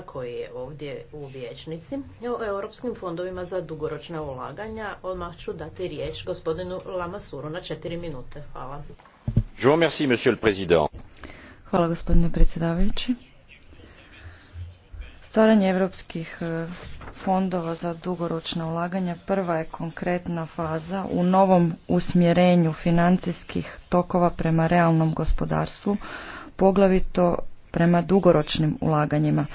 koji je ovdje u vječnici o europskim fondovima za dugoročna ulaganja. Odmah ću dati riječ gospodinu Lamasuru na četiri minute. Hvala. Hvala gospodine predsjedavajući. Stvaranje europskih e, fondova za dugoročna ulaganja prva je konkretna faza u novom usmjerenju financijskih tokova prema realnom gospodarstvu, poglavito prema dugoročnim ulaganjima.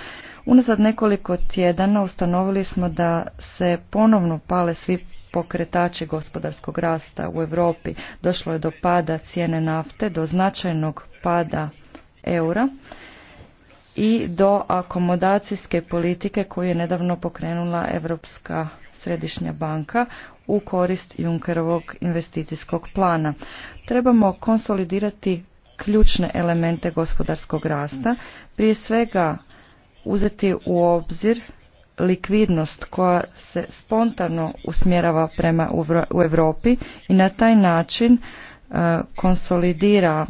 Unazad nekoliko tjedana ustanovili smo da se ponovno pale svi pokretači gospodarskog rasta u Europi. Došlo je do pada cijene nafte, do značajnog pada eura i do akomodacijske politike koju je nedavno pokrenula Europska središnja banka u korist Junkerovog investicijskog plana. Trebamo konsolidirati ključne elemente gospodarskog rasta, prije svega uzeti u obzir likvidnost koja se spontano usmjerava prema u Europi i na taj način e, konsolidira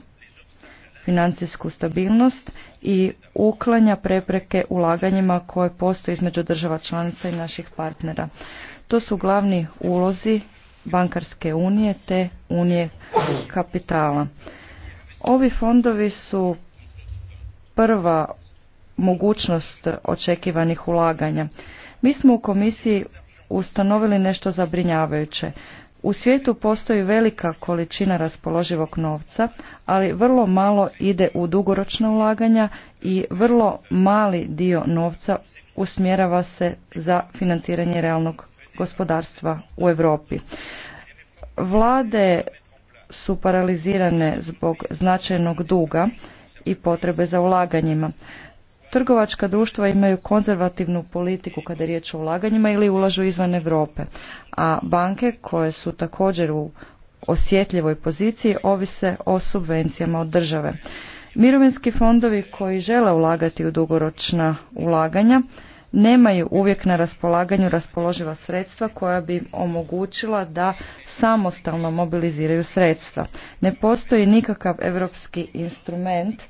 financijsku stabilnost i uklanja prepreke ulaganjima koje postoje između država članica i naših partnera. To su glavni ulozi bankarske unije te unije kapitala. Ovi fondovi su prva mogućnost očekivanih ulaganja. Mi smo u komisiji ustanovili nešto zabrinjavajuće. U svijetu postoji velika količina raspoloživog novca, ali vrlo malo ide u dugoročna ulaganja i vrlo mali dio novca usmjerava se za financiranje realnog gospodarstva u Europi. Vlade su paralizirane zbog značajnog duga i potrebe za ulaganjima trgovačka društva imaju konzervativnu politiku kada je riječ o ulaganjima ili ulažu izvan Europe, a banke koje su također u osjetljivoj poziciji ovise o subvencijama od države. Mirovinski fondovi koji žele ulagati u dugoročna ulaganja nemaju uvijek na raspolaganju raspoloživa sredstva koja bi omogućila da samostalno mobiliziraju sredstva. Ne postoji nikakav europski instrument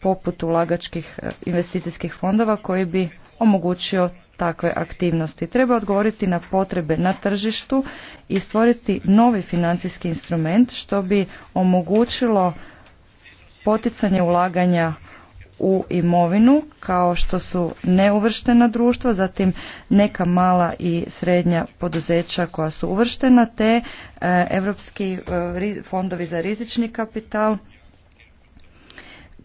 poput ulagačkih e, investicijskih fondova koji bi omogućio takve aktivnosti. Treba odgovoriti na potrebe na tržištu i stvoriti novi financijski instrument što bi omogućilo poticanje ulaganja u imovinu kao što su neuvrštena društva, zatim neka mala i srednja poduzeća koja su uvrštena te europski e, fondovi za rizični kapital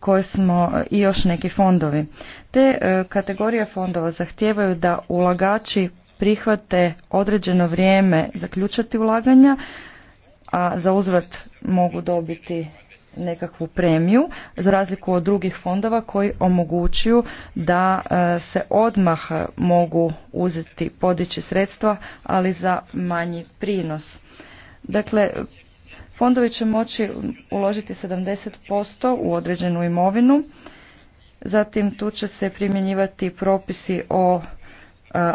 koje smo e, i još neki fondovi. Te e, kategorije fondova zahtijevaju da ulagači prihvate određeno vrijeme zaključati ulaganja, a za uzvrat mogu dobiti nekakvu premiju, za razliku od drugih fondova koji omogućuju da e, se odmah mogu uzeti, podići sredstva, ali za manji prinos. Dakle, Fondovi će moći uložiti 70% u određenu imovinu, zatim tu će se primjenjivati propisi o e,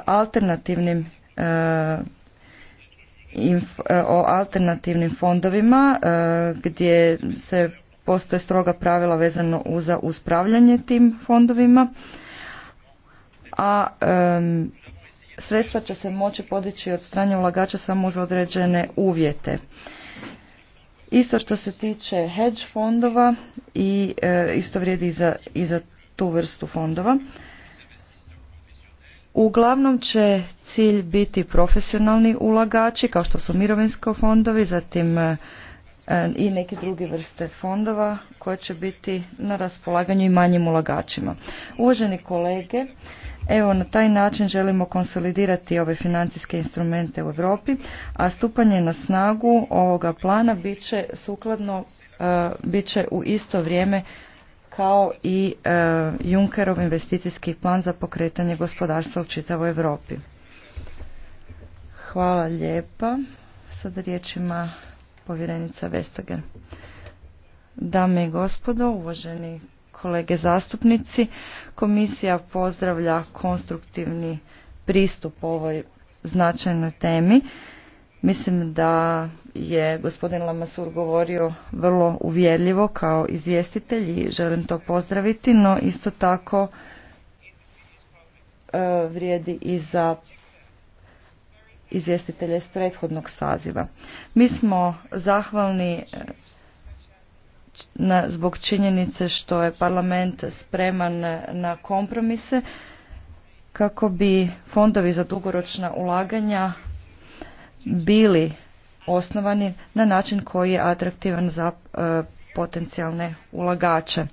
alternativnim e, e, o alternativnim fondovima gdje se postoje stroga pravila vezano za uspravljanje tim fondovima a sredstva će se moći podići od strane ulagača samo uz određene uvjete Isto što se tiče hedge fondova i e, isto vrijedi i za, za tu vrstu fondova. Uglavnom će cilj biti profesionalni ulagači kao što su mirovinsko fondovi, zatim e, e, i neke druge vrste fondova koje će biti na raspolaganju i manjim ulagačima. Uvaženi kolege, Evo, na taj način želimo konsolidirati ove financijske instrumente u Europi, a stupanje na snagu ovoga plana bit će sukladno, e, bit će u isto vrijeme kao i e, Junckerov investicijski plan za pokretanje gospodarstva u čitavoj Europi. Hvala lijepa. Sada riječima povjerenica Vestager. Dame i gospodo, uvaženi kolege zastupnici. Komisija pozdravlja konstruktivni pristup ovoj značajnoj temi. Mislim da je gospodin Lamasur govorio vrlo uvjerljivo kao izvjestitelj i želim to pozdraviti, no isto tako e, vrijedi i za izvjestitelje iz prethodnog saziva. Mi smo zahvalni na, zbog činjenice što je parlament spreman na kompromise kako bi fondovi za dugoročna ulaganja bili osnovani na način koji je atraktivan za e, potencijalne ulagače.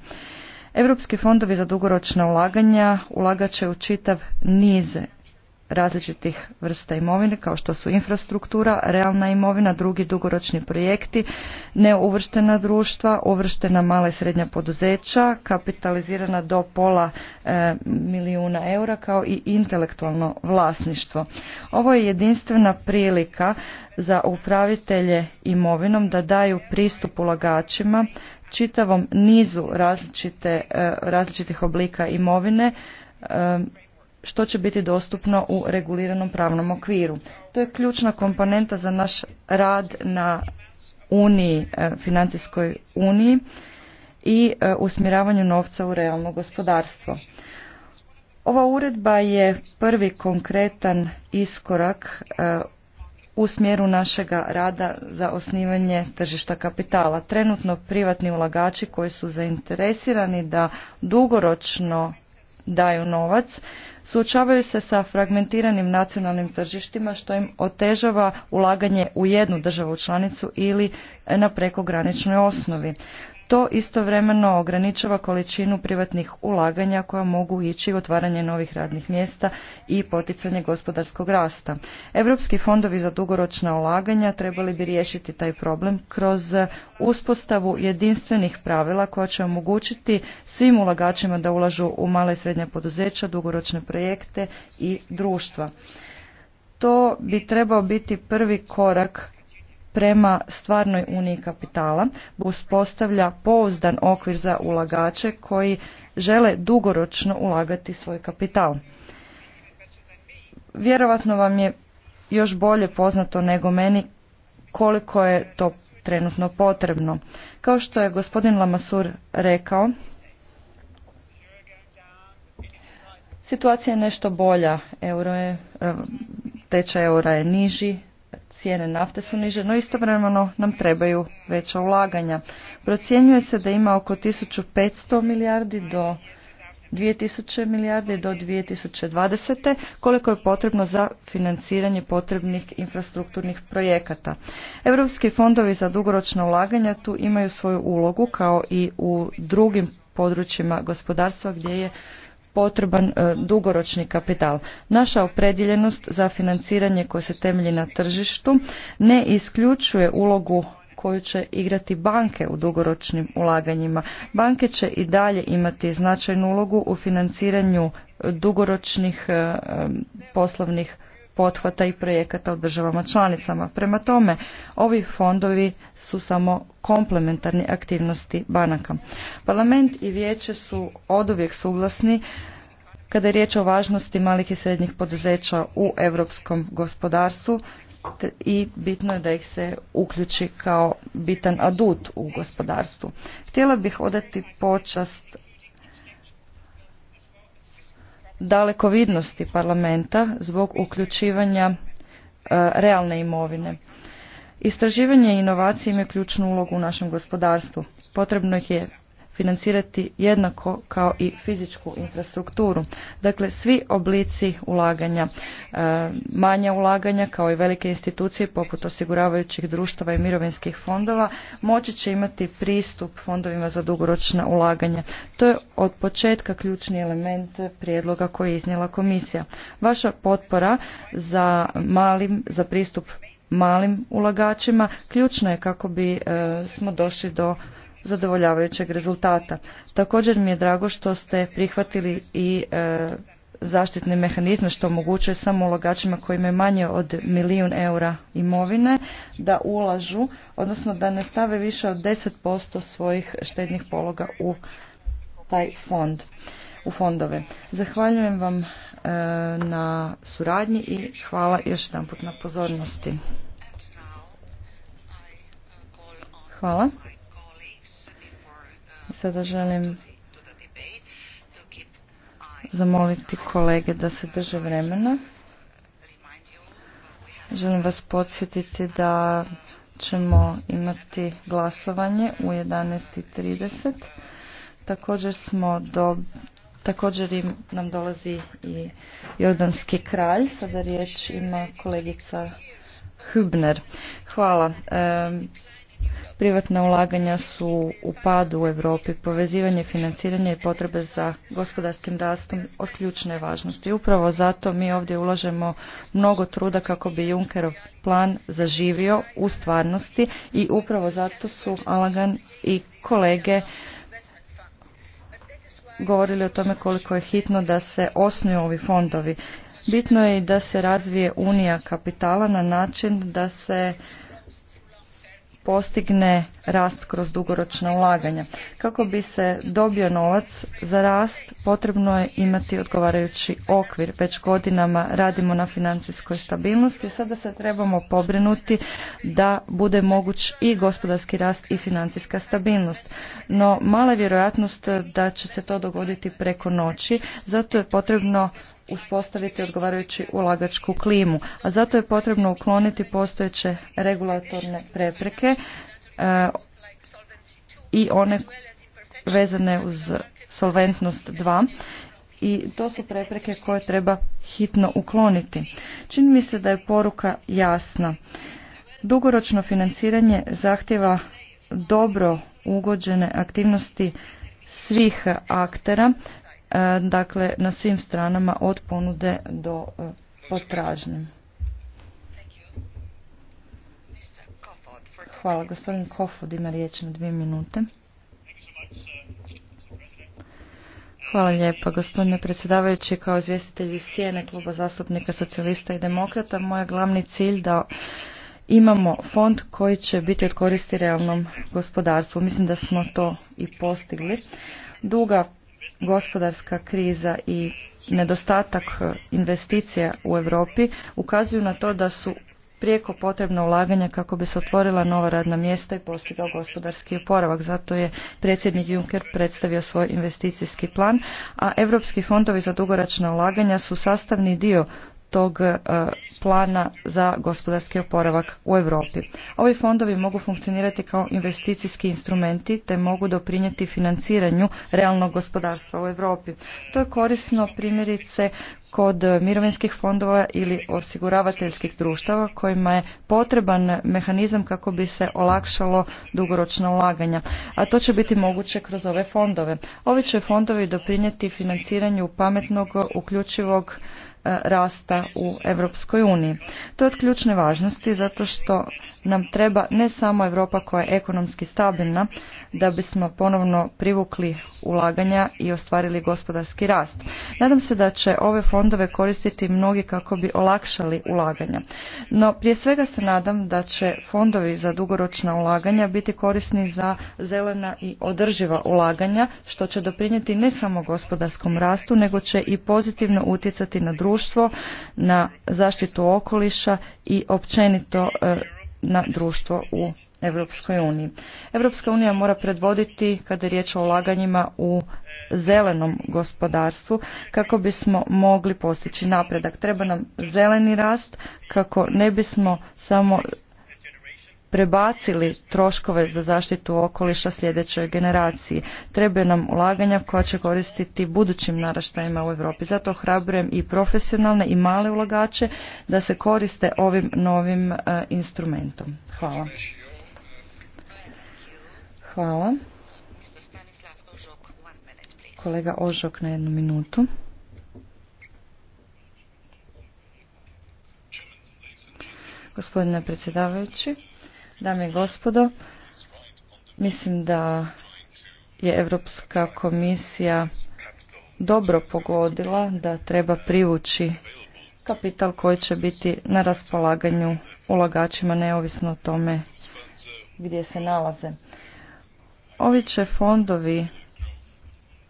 Europski fondovi za dugoročna ulaganja ulagače u čitav niz različitih vrsta imovine kao što su infrastruktura, realna imovina, drugi dugoročni projekti, neuvrštena društva, uvrštena mala i srednja poduzeća, kapitalizirana do pola e, milijuna eura kao i intelektualno vlasništvo. Ovo je jedinstvena prilika za upravitelje imovinom da daju pristup ulagačima čitavom nizu različite, e, različitih oblika imovine e, što će biti dostupno u reguliranom pravnom okviru. To je ključna komponenta za naš rad na uniji, e, financijskoj uniji i e, usmjeravanju novca u realno gospodarstvo. Ova uredba je prvi konkretan iskorak e, u smjeru našega rada za osnivanje tržišta kapitala. Trenutno privatni ulagači koji su zainteresirani da dugoročno daju novac suočavaju se sa fragmentiranim nacionalnim tržištima što im otežava ulaganje u jednu državu članicu ili na prekograničnoj osnovi. To istovremeno ograničava količinu privatnih ulaganja koja mogu ići u otvaranje novih radnih mjesta i poticanje gospodarskog rasta. Europski fondovi za dugoročna ulaganja trebali bi riješiti taj problem kroz uspostavu jedinstvenih pravila koja će omogućiti svim ulagačima da ulažu u male i srednje poduzeća, dugoročne projekte i društva. To bi trebao biti prvi korak prema stvarnoj uniji kapitala uspostavlja pouzdan okvir za ulagače koji žele dugoročno ulagati svoj kapital. Vjerovatno vam je još bolje poznato nego meni koliko je to trenutno potrebno. Kao što je gospodin Lamasur rekao, situacija je nešto bolja. Euro je, eh, tečaj eura je niži, cijene nafte su niže, no istovremeno nam trebaju veća ulaganja. Procjenjuje se da ima oko 1500 milijardi do 2000 milijardi do 2020. koliko je potrebno za financiranje potrebnih infrastrukturnih projekata. Europski fondovi za dugoročna ulaganja tu imaju svoju ulogu kao i u drugim područjima gospodarstva gdje je potreban e, dugoročni kapital. Naša opredjeljenost za financiranje koje se temelji na tržištu ne isključuje ulogu koju će igrati banke u dugoročnim ulaganjima. Banke će i dalje imati značajnu ulogu u financiranju dugoročnih e, e, poslovnih pothvata i projekata u državama članicama. Prema tome, ovi fondovi su samo komplementarni aktivnosti banaka. Parlament i vijeće su oduvijek suglasni kada je riječ o važnosti malih i srednjih poduzeća u europskom gospodarstvu i bitno je da ih se uključi kao bitan adut u gospodarstvu. Htjela bih odati počast dalekovidnosti parlamenta zbog uključivanja e, realne imovine. Istraživanje i inovacije imaju ključnu ulogu u našem gospodarstvu. Potrebno ih je financirati jednako kao i fizičku infrastrukturu. Dakle, svi oblici ulaganja, e, manja ulaganja kao i velike institucije poput osiguravajućih društava i mirovinskih fondova moći će imati pristup fondovima za dugoročna ulaganja. To je od početka ključni element prijedloga koji je iznijela komisija. Vaša potpora za malim, za pristup malim ulagačima ključna je kako bi e, smo došli do zadovoljavajućeg rezultata. Također mi je drago što ste prihvatili i zaštitni e, zaštitne mehanizme što omogućuje samo ulagačima koji imaju manje od milijun eura imovine da ulažu, odnosno da ne stave više od 10% svojih štednih pologa u taj fond, u fondove. Zahvaljujem vam e, na suradnji i hvala još jedanput na pozornosti. Hvala. Sada želim zamoliti kolege da se drže vremena. Želim vas podsjetiti da ćemo imati glasovanje u 11.30. Također smo do... Također nam dolazi i jordanski kralj. Sada riječ ima kolegica Hübner. Hvala. Privatna ulaganja su u padu u Europi, povezivanje financiranje i potrebe za gospodarskim rastom od ključne važnosti. Upravo zato mi ovdje ulažemo mnogo truda kako bi Junckerov plan zaživio u stvarnosti i upravo zato su Alagan i kolege govorili o tome koliko je hitno da se osnuju ovi fondovi. Bitno je i da se razvije unija kapitala na način da se postigne rast kroz dugoročna ulaganja. Kako bi se dobio novac za rast, potrebno je imati odgovarajući okvir. Već godinama radimo na financijskoj stabilnosti, sada se trebamo pobrinuti da bude moguć i gospodarski rast i financijska stabilnost. No, mala je vjerojatnost da će se to dogoditi preko noći, zato je potrebno uspostaviti odgovarajući ulagačku klimu, a zato je potrebno ukloniti postojeće regulatorne prepreke E, i one vezane uz solventnost 2 i to su prepreke koje treba hitno ukloniti. Čini mi se da je poruka jasna. Dugoročno financiranje zahtjeva dobro ugođene aktivnosti svih aktera, e, dakle na svim stranama od ponude do e, potražnje. Hvala. Gospodin Kofod ima riječ na dvije minute. Hvala lijepa. Gospodine predsjedavajući, kao izvjestitelj iz Sijene kluba zastupnika socijalista i demokrata, moj glavni cilj da imamo fond koji će biti od koristi realnom gospodarstvu. Mislim da smo to i postigli. Duga gospodarska kriza i nedostatak investicija u Europi ukazuju na to da su prijeko potrebno ulaganja kako bi se otvorila nova radna mjesta i postigao gospodarski oporavak. Zato je predsjednik Juncker predstavio svoj investicijski plan, a europski fondovi za dugoročna ulaganja su sastavni dio tog e, plana za gospodarski oporavak u Europi. Ovi fondovi mogu funkcionirati kao investicijski instrumenti te mogu doprinijeti financiranju realnog gospodarstva u Europi. To je korisno primjerice kod mirovinskih fondova ili osiguravateljskih društava kojima je potreban mehanizam kako bi se olakšalo dugoročno ulaganja, a to će biti moguće kroz ove fondove. Ovi će fondovi doprinijeti financiranju pametnog, uključivog E, rasta u Europskoj uniji. To je od ključne važnosti zato što nam treba ne samo Europa koja je ekonomski stabilna da bismo ponovno privukli ulaganja i ostvarili gospodarski rast. Nadam se da će ove fondove koristiti mnogi kako bi olakšali ulaganja. No prije svega se nadam da će fondovi za dugoročna ulaganja biti korisni za zelena i održiva ulaganja što će doprinijeti ne samo gospodarskom rastu nego će i pozitivno utjecati na društvo društvo, na zaštitu okoliša i općenito e, na društvo u Europskoj uniji. Europska unija mora predvoditi kada je riječ o ulaganjima u zelenom gospodarstvu kako bismo mogli postići napredak. Treba nam zeleni rast kako ne bismo samo prebacili troškove za zaštitu okoliša sljedećoj generaciji. Trebaju nam ulaganja koja će koristiti budućim naraštajima u Europi. Zato hrabrujem i profesionalne i male ulagače da se koriste ovim novim e, instrumentom. Hvala. Hvala. Kolega Ožok na jednu minutu. Gospodine predsjedavajući, Dame i gospodo, mislim da je Europska komisija dobro pogodila da treba privući kapital koji će biti na raspolaganju ulagačima neovisno o tome gdje se nalaze. Ovi će fondovi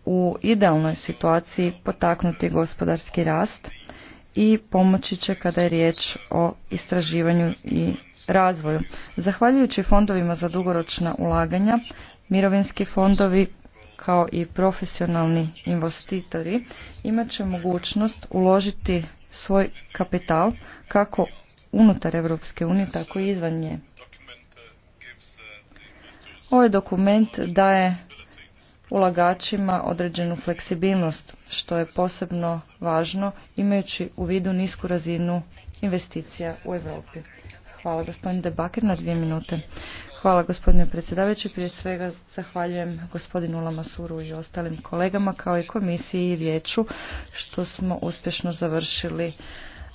u idealnoj situaciji potaknuti gospodarski rast i pomoći će kada je riječ o istraživanju i razvoju. Zahvaljujući fondovima za dugoročna ulaganja, mirovinski fondovi kao i profesionalni investitori imat će mogućnost uložiti svoj kapital kako unutar Europske unije, tako i izvan nje. Ovaj dokument daje ulagačima određenu fleksibilnost, što je posebno važno imajući u vidu nisku razinu investicija u Europi. Hvala gospodine Debaker na dvije minute. Hvala gospodine predsjedavajući. Prije svega zahvaljujem gospodinu Lamasuru i ostalim kolegama kao i komisiji i vijeću što smo uspješno završili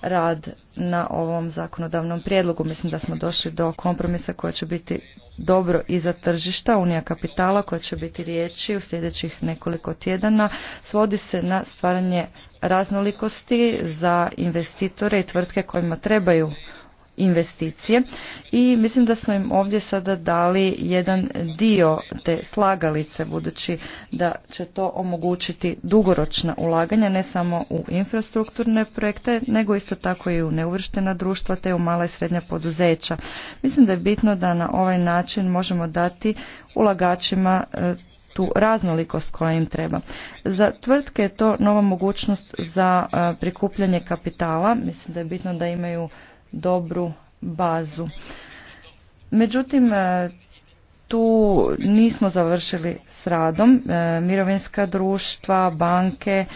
rad na ovom zakonodavnom prijedlogu. Mislim da smo došli do kompromisa koja će biti dobro i za tržišta Unija kapitala koja će biti riječi u sljedećih nekoliko tjedana svodi se na stvaranje raznolikosti za investitore i tvrtke kojima trebaju investicije i mislim da smo im ovdje sada dali jedan dio te slagalice budući da će to omogućiti dugoročna ulaganja ne samo u infrastrukturne projekte nego isto tako i u neuvrštena društva te u mala i srednja poduzeća. Mislim da je bitno da na ovaj način možemo dati ulagačima e, tu raznolikost koja im treba. Za tvrtke je to nova mogućnost za e, prikupljanje kapitala. Mislim da je bitno da imaju dobru bazu. Međutim, e, tu nismo završili s radom. E, mirovinska društva, banke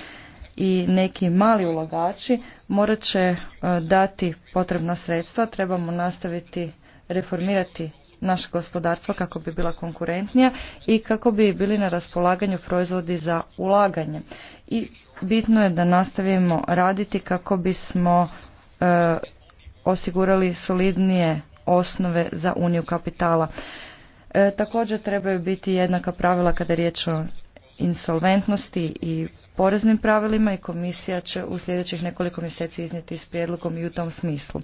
i neki mali ulagači morat će e, dati potrebna sredstva. Trebamo nastaviti reformirati naše gospodarstvo kako bi bila konkurentnija i kako bi bili na raspolaganju proizvodi za ulaganje. I bitno je da nastavimo raditi kako bismo osigurali solidnije osnove za uniju kapitala. E, također trebaju biti jednaka pravila kada je riječ o insolventnosti i poreznim pravilima i komisija će u sljedećih nekoliko mjeseci iznijeti s prijedlogom i u tom smislu.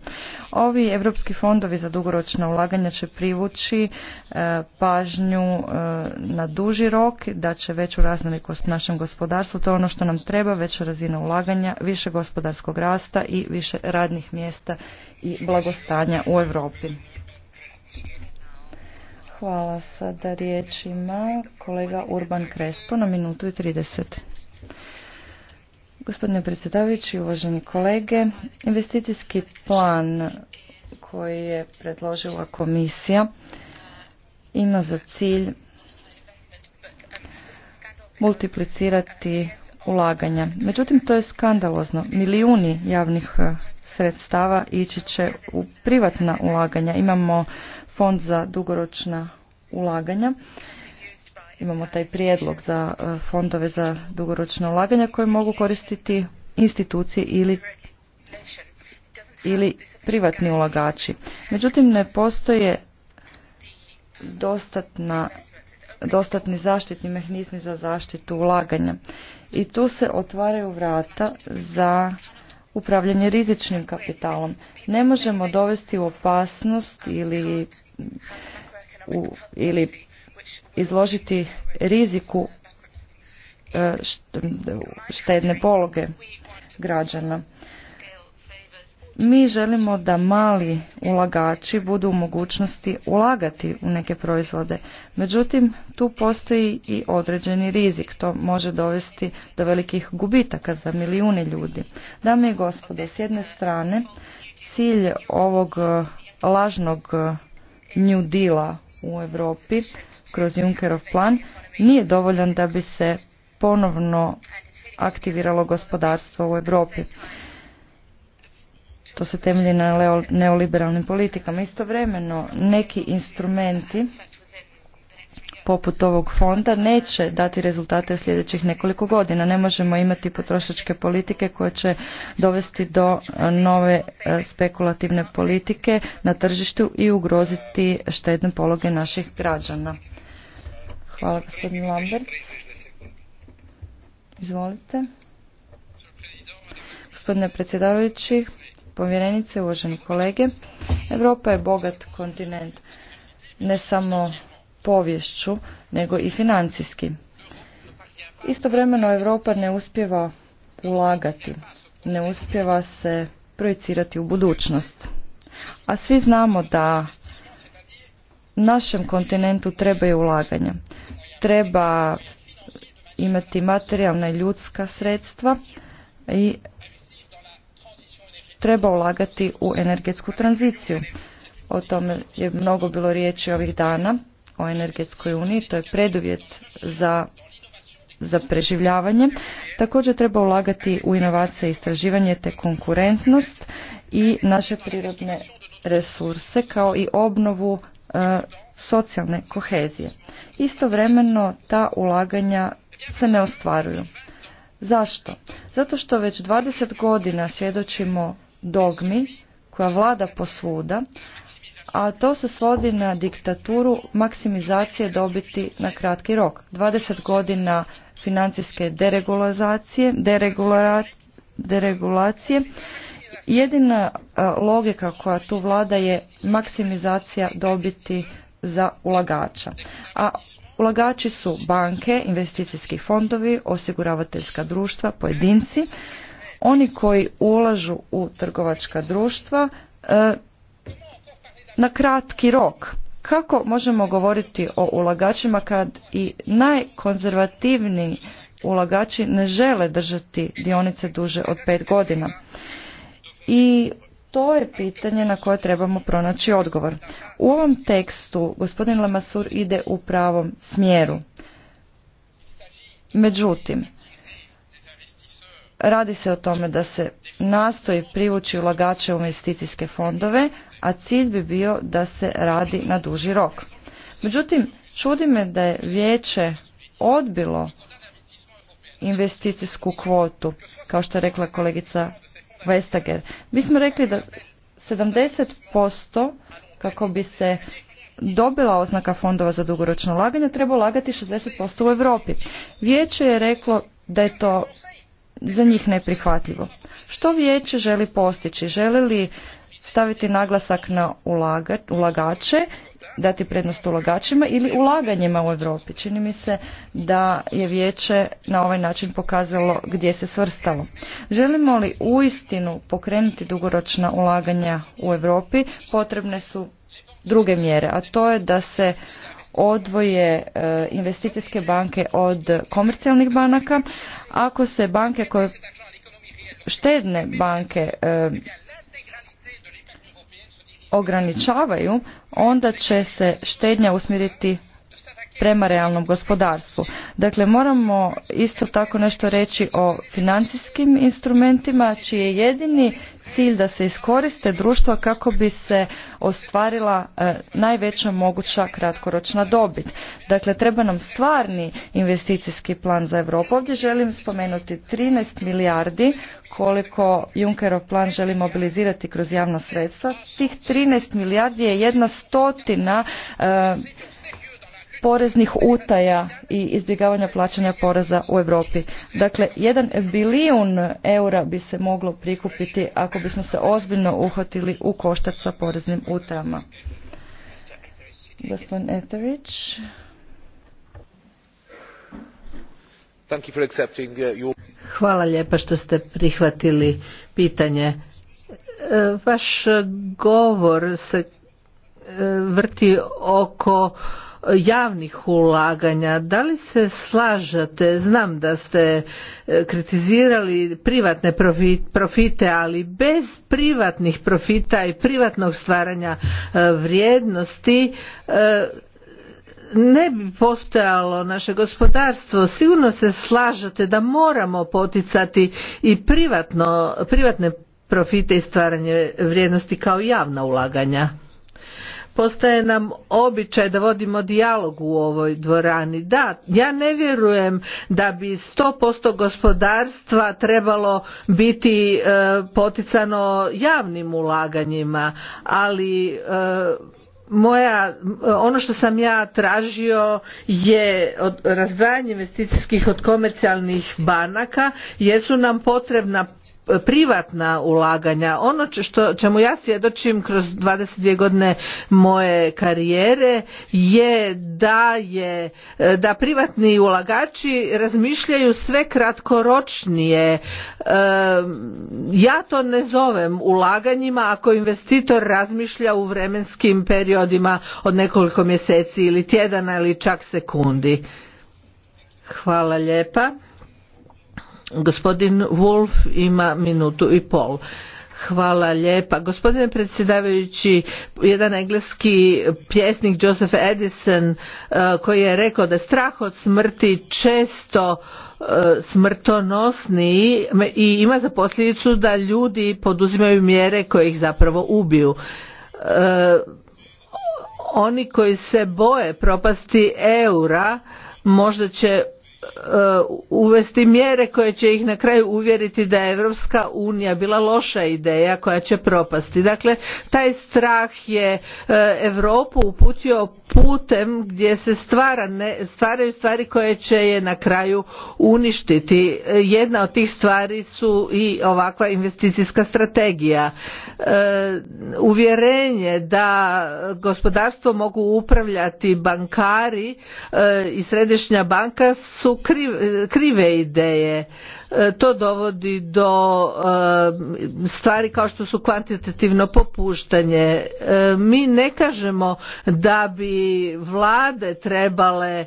Ovi europski fondovi za dugoročna ulaganja će privući e, pažnju e, na duži rok, da će veću raznolikost našem gospodarstvu, to je ono što nam treba, veća razina ulaganja, više gospodarskog rasta i više radnih mjesta i blagostanja u Europi. Hvala sada riječima kolega Urban Krespo na minutu i 30. Gospodine predsjedavajući, uvaženi kolege, investicijski plan koji je predložila komisija ima za cilj multiplicirati ulaganja. Međutim, to je skandalozno. Milijuni javnih sredstava ići će u privatna ulaganja. Imamo fond za dugoročna ulaganja. Imamo taj prijedlog za e, fondove za dugoročna ulaganja koje mogu koristiti institucije ili ili privatni ulagači. Međutim, ne postoje dostatna, dostatni zaštitni mehanizmi za zaštitu ulaganja. I tu se otvaraju vrata za upravljanje rizičnim kapitalom. Ne možemo dovesti u opasnost ili, ili izložiti riziku štedne pologe građana. Mi želimo da mali ulagači budu u mogućnosti ulagati u neke proizvode. Međutim, tu postoji i određeni rizik. To može dovesti do velikih gubitaka za milijune ljudi. Dame i gospodo, s jedne strane, cilj ovog e, lažnog e, New Deala u Europi kroz Junckerov plan nije dovoljan da bi se ponovno aktiviralo gospodarstvo u Europi to se temelji na neoliberalnim politikama. Istovremeno neki instrumenti poput ovog fonda neće dati rezultate u sljedećih nekoliko godina. Ne možemo imati potrošačke politike koje će dovesti do e, nove e, spekulativne politike na tržištu i ugroziti štedne pologe naših građana. Hvala gospodin Lambert. Izvolite. Gospodine predsjedavajući, povjerenice, uvaženi kolege. Europa je bogat kontinent, ne samo povješću, nego i financijski. Istovremeno Europa ne uspjeva ulagati, ne uspjeva se projecirati u budućnost. A svi znamo da našem kontinentu trebaju ulaganja. Treba imati materijalna i ljudska sredstva i treba ulagati u energetsku tranziciju. O tome je mnogo bilo riječi ovih dana o energetskoj uniji, to je preduvjet za za preživljavanje. Također treba ulagati u inovacije, i istraživanje te konkurentnost i naše prirodne resurse kao i obnovu e, socijalne kohezije. Istovremeno ta ulaganja se ne ostvaruju. Zašto? Zato što već 20 godina svjedočimo dogmi koja vlada posvuda, a to se svodi na diktaturu maksimizacije dobiti na kratki rok. 20 godina financijske deregulacije deregulacije. Jedina logika koja tu vlada je maksimizacija dobiti za ulagača. A ulagači su banke, investicijski fondovi, osiguravateljska društva, pojedinci oni koji ulažu u trgovačka društva e, na kratki rok. Kako možemo govoriti o ulagačima kad i najkonzervativniji ulagači ne žele držati dionice duže od pet godina? I to je pitanje na koje trebamo pronaći odgovor. U ovom tekstu gospodin Lamassur ide u pravom smjeru. Međutim, Radi se o tome da se nastoji privući ulagače u investicijske fondove, a cilj bi bio da se radi na duži rok. Međutim, čudi me da je vijeće odbilo investicijsku kvotu, kao što je rekla kolegica Vestager. Mi smo rekli da 70% kako bi se dobila oznaka fondova za dugoročno ulaganje treba ulagati 60% u Europi. Vijeće je reklo da je to za njih neprihvatljivo. Što vijeće želi postići? Želi li staviti naglasak na ulaga, ulagače, dati prednost ulagačima ili ulaganjima u Europi. Čini mi se da je vijeće na ovaj način pokazalo gdje se svrstalo. Želimo li uistinu pokrenuti dugoročna ulaganja u Europi, potrebne su druge mjere, a to je da se odvoje e, investicijske banke od komercijalnih banaka. Ako se banke koje štedne banke e, ograničavaju, onda će se štednja usmjeriti prema realnom gospodarstvu. Dakle, moramo isto tako nešto reći o financijskim instrumentima, čiji je jedini cilj da se iskoriste društva kako bi se ostvarila e, najveća moguća kratkoročna dobit. Dakle, treba nam stvarni investicijski plan za Europu. Ovdje želim spomenuti 13 milijardi koliko Junckerov plan želi mobilizirati kroz javna sredstva. Tih 13 milijardi je jedna stotina e, poreznih utaja i izbjegavanja plaćanja poreza u Europi. Dakle, jedan bilijun eura bi se moglo prikupiti ako bismo se ozbiljno uhvatili u koštac sa poreznim utajama. Gospodin Eterić. Uh, Hvala lijepa što ste prihvatili pitanje. E, vaš govor se e, vrti oko javnih ulaganja. Da li se slažete, znam da ste e, kritizirali privatne profite, ali bez privatnih profita i privatnog stvaranja e, vrijednosti e, ne bi postojalo naše gospodarstvo sigurno se slažete da moramo poticati i privatno, privatne profite i stvaranje vrijednosti kao javna ulaganja postaje nam običaj da vodimo dijalog u ovoj dvorani. Da, ja ne vjerujem da bi 100% gospodarstva trebalo biti e, poticano javnim ulaganjima, ali e, moja, ono što sam ja tražio je razdvajanje investicijskih od komercijalnih banaka Jesu nam potrebna privatna ulaganja. Ono što, čemu ja svjedočim kroz 22 godine moje karijere je da je da privatni ulagači razmišljaju sve kratkoročnije. E, ja to ne zovem ulaganjima ako investitor razmišlja u vremenskim periodima od nekoliko mjeseci ili tjedana ili čak sekundi. Hvala lijepa. Gospodin Wolf ima minutu i pol. Hvala lijepa. Gospodine predsjedavajući, jedan engleski pjesnik Joseph Edison e, koji je rekao da strah od smrti često e, smrtonosniji i ima za posljedicu da ljudi poduzimaju mjere koje ih zapravo ubiju e, oni koji se boje propasti eura možda će E, uvesti mjere koje će ih na kraju uvjeriti da je Europska unija bila loša ideja koja će propasti. Dakle, taj strah je Europu uputio putem gdje se stvaraju stvari koje će je na kraju uništiti. E, jedna od tih stvari su i ovakva investicijska strategija. E, uvjerenje da gospodarstvo mogu upravljati bankari i središnja banka su krive ideje E, to dovodi do e, stvari kao što su kvantitativno popuštanje. E, mi ne kažemo da bi vlade trebale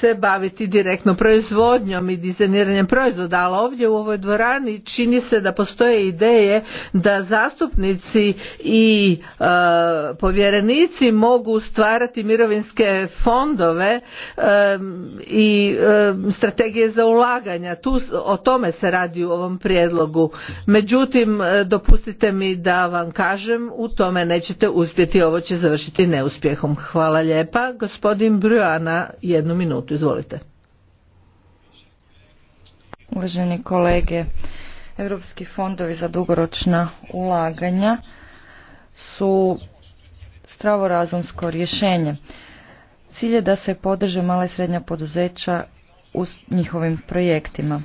se baviti direktno proizvodnjom i dizajniranjem proizvoda, ali ovdje u ovoj dvorani čini se da postoje ideje da zastupnici i povjerenici mogu stvarati mirovinske fondove i strategije za ulaganja. Tu o tome se radi u ovom prijedlogu. Međutim, e, dopustite mi da vam kažem, u tome nećete uspjeti, ovo će završiti neuspjehom. Hvala lijepa. Gospodin Brujana, jednu minutu, izvolite. Uvaženi kolege, Europski fondovi za dugoročna ulaganja su stravorazumsko rješenje. Cilj je da se podrže male i srednja poduzeća u njihovim projektima.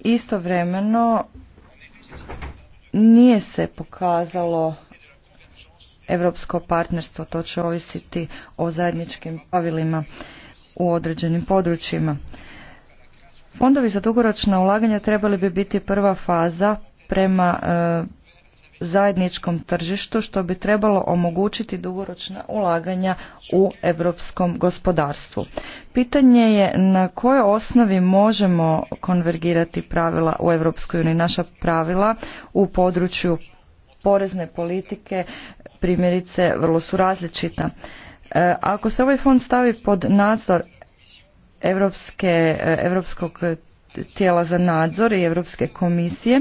Istovremeno nije se pokazalo europsko partnerstvo, to će ovisiti o zajedničkim pravilima u određenim područjima. Fondovi za dugoročna ulaganja trebali bi biti prva faza prema e, zajedničkom tržištu što bi trebalo omogućiti dugoročna ulaganja u europskom gospodarstvu. Pitanje je na kojoj osnovi možemo konvergirati pravila u EU. uniji, naša pravila u području porezne politike primjerice vrlo su različita. E, ako se ovaj fond stavi pod nadzor Europskog e, tijela za nadzor i Europske komisije,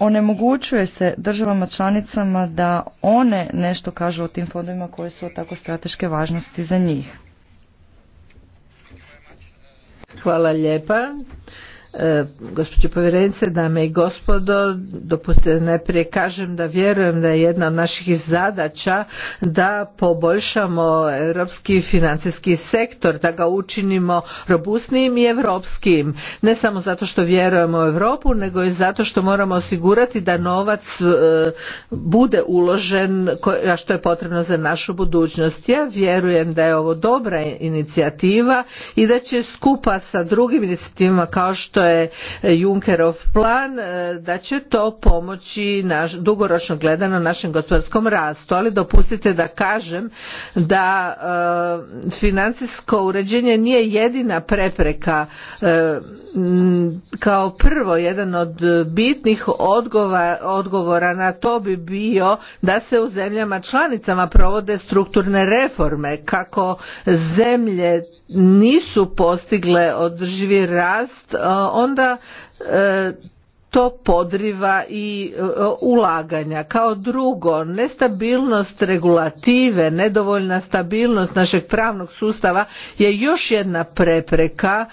onemogućuje se državama članicama da one nešto kažu o tim fondovima koji su tako strateške važnosti za njih. Hvala lijepa. E, gospođo povjerenice, dame i gospodo, dopustite najprije kažem da vjerujem da je jedna od naših zadaća da poboljšamo europski financijski sektor, da ga učinimo robusnijim i europskim. Ne samo zato što vjerujemo u Europu, nego i zato što moramo osigurati da novac e, bude uložen, a što je potrebno za našu budućnost. Ja vjerujem da je ovo dobra inicijativa i da će skupa sa drugim inicijativama kao što je e, Junckerov plan e, da će to pomoći naš, dugoročno gledano našem gospodarskom rastu ali dopustite da kažem da e, financijsko uređenje nije jedina prepreka kao prvo jedan od bitnih odgovora na to bi bio da se u zemljama članicama provode strukturne reforme kako zemlje nisu postigle održivi rast onda e, to podriva i e, ulaganja. Kao drugo, nestabilnost regulative, nedovoljna stabilnost našeg pravnog sustava je još jedna prepreka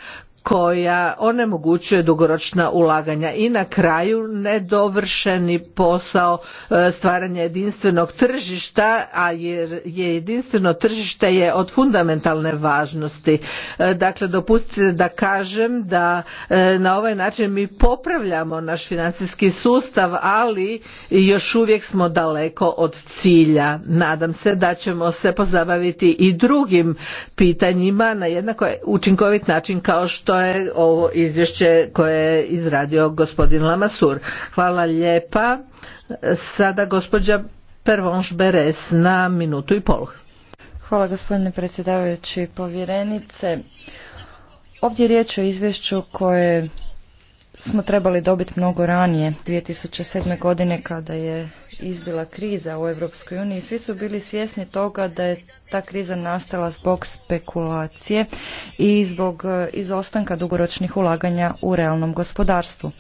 koja onemogućuje dugoročna ulaganja i na kraju nedovršeni posao e, stvaranja jedinstvenog tržišta a je jedinstveno tržište je od fundamentalne važnosti e, dakle dopustite da kažem da e, na ovaj način mi popravljamo naš financijski sustav ali još uvijek smo daleko od cilja nadam se da ćemo se pozabaviti i drugim pitanjima na jednako učinkovit način kao što je ovo izvješće koje je izradio gospodin Lamasur. Hvala lijepa. Sada gospođa Pervonš Beres na minutu i pol. Hvala gospodine predsjedavajući povjerenice. Ovdje je riječ o izvješću koje smo trebali dobiti mnogo ranije, 2007. godine kada je izbila kriza u Europskoj uniji, svi su bili svjesni toga da je ta kriza nastala zbog spekulacije i zbog e, izostanka dugoročnih ulaganja u realnom gospodarstvu.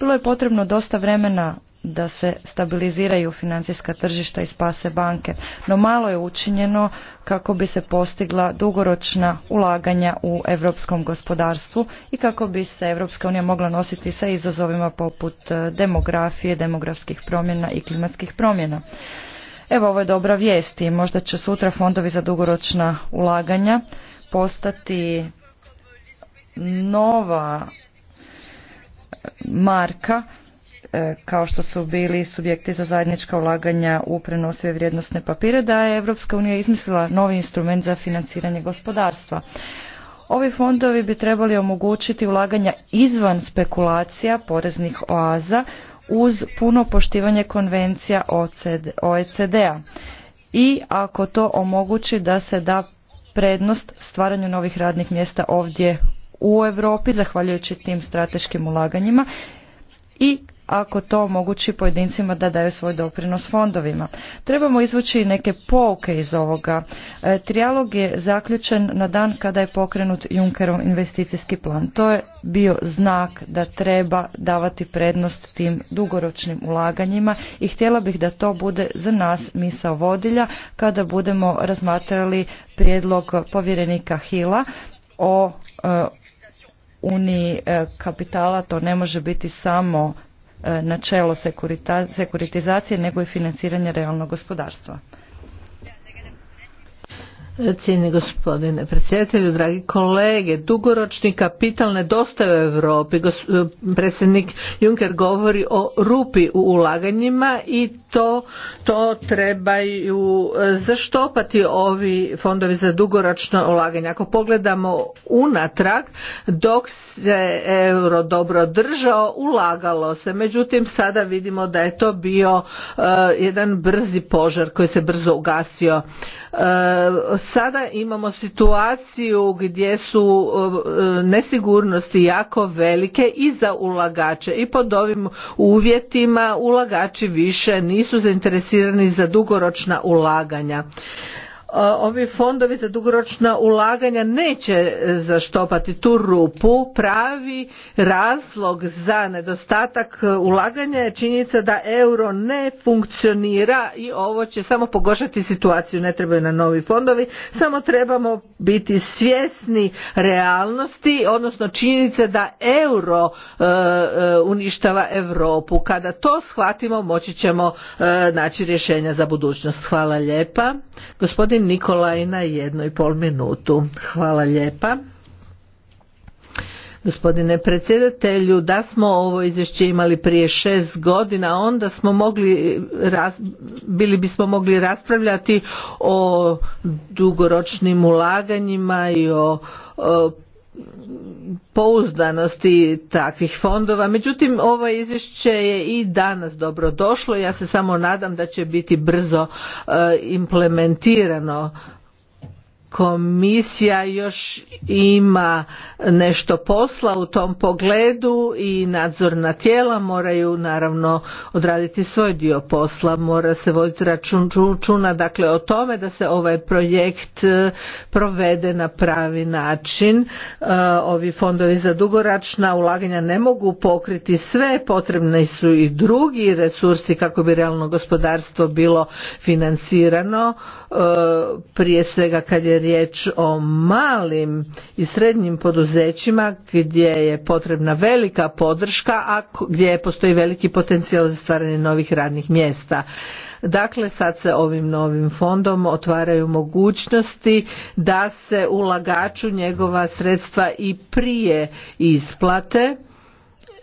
Bilo je potrebno dosta vremena da se stabiliziraju financijska tržišta i spase banke, no malo je učinjeno kako bi se postigla dugoročna ulaganja u europskom gospodarstvu i kako bi se Evropska unija mogla nositi sa izazovima poput e, demografije, demografskih promjena i klimatskih promjena. Evo ovo je dobra vijest i možda će sutra fondovi za dugoročna ulaganja postati nova marka E, kao što su bili subjekti za zajednička ulaganja u prenosive vrijednostne papire, da je Europska unija izmislila novi instrument za financiranje gospodarstva. Ovi fondovi bi trebali omogućiti ulaganja izvan spekulacija poreznih oaza uz puno poštivanje konvencija OECD-a i ako to omogući da se da prednost stvaranju novih radnih mjesta ovdje u Europi zahvaljujući tim strateškim ulaganjima i ako to omogući pojedincima da daju svoj doprinos fondovima. Trebamo izvući neke pouke iz ovoga. E, trijalog je zaključen na dan kada je pokrenut Junckerov investicijski plan. To je bio znak da treba davati prednost tim dugoročnim ulaganjima i htjela bih da to bude za nas misao vodilja kada budemo razmatrali prijedlog povjerenika Hila o e, uniji e, kapitala to ne može biti samo E, načelo sekuritizacije nego i financiranje realnog gospodarstva. Cijeni gospodine predsjedatelju, dragi kolege, dugoročni kapital nedostaje u Europi. Eh, predsjednik Juncker govori o rupi u ulaganjima i to, to trebaju eh, zaštopati ovi fondovi za dugoročno ulaganje. Ako pogledamo unatrag, dok se euro dobro držao, ulagalo se. Međutim, sada vidimo da je to bio eh, jedan brzi požar koji se brzo ugasio. E, sada imamo situaciju gdje su e, nesigurnosti jako velike i za ulagače i pod ovim uvjetima ulagači više nisu zainteresirani za dugoročna ulaganja ovi fondovi za dugoročna ulaganja neće e, zaštopati tu rupu. Pravi razlog za nedostatak e, ulaganja je činjenica da euro ne funkcionira i ovo će samo pogoršati situaciju. Ne trebaju na novi fondovi, samo trebamo biti svjesni realnosti, odnosno činjenice da euro e, uništava Europu. Kada to shvatimo moći ćemo naći rješenja za budućnost. Hvala lijepa gospodin Nikolaj na jednu i pol minutu. Hvala lijepa. Gospodine predsjedatelju, da smo ovo izvješće imali prije šest godina, onda smo mogli, bili bismo mogli raspravljati o dugoročnim ulaganjima i o, o pouzdanosti takvih fondova. Međutim, ovo izvješće je i danas dobro došlo. Ja se samo nadam da će biti brzo e, implementirano komisija još ima nešto posla u tom pogledu i nadzorna tijela moraju naravno odraditi svoj dio posla mora se voditi računa dakle o tome da se ovaj projekt e, provede na pravi način e, ovi fondovi za dugoročna ulaganja ne mogu pokriti sve potrebni su i drugi resursi kako bi realno gospodarstvo bilo financirano e, prije svega kad je riječ o malim i srednjim poduzećima gdje je potrebna velika podrška, a gdje postoji veliki potencijal za stvaranje novih radnih mjesta. Dakle, sad se ovim novim fondom otvaraju mogućnosti da se ulagaču njegova sredstva i prije isplate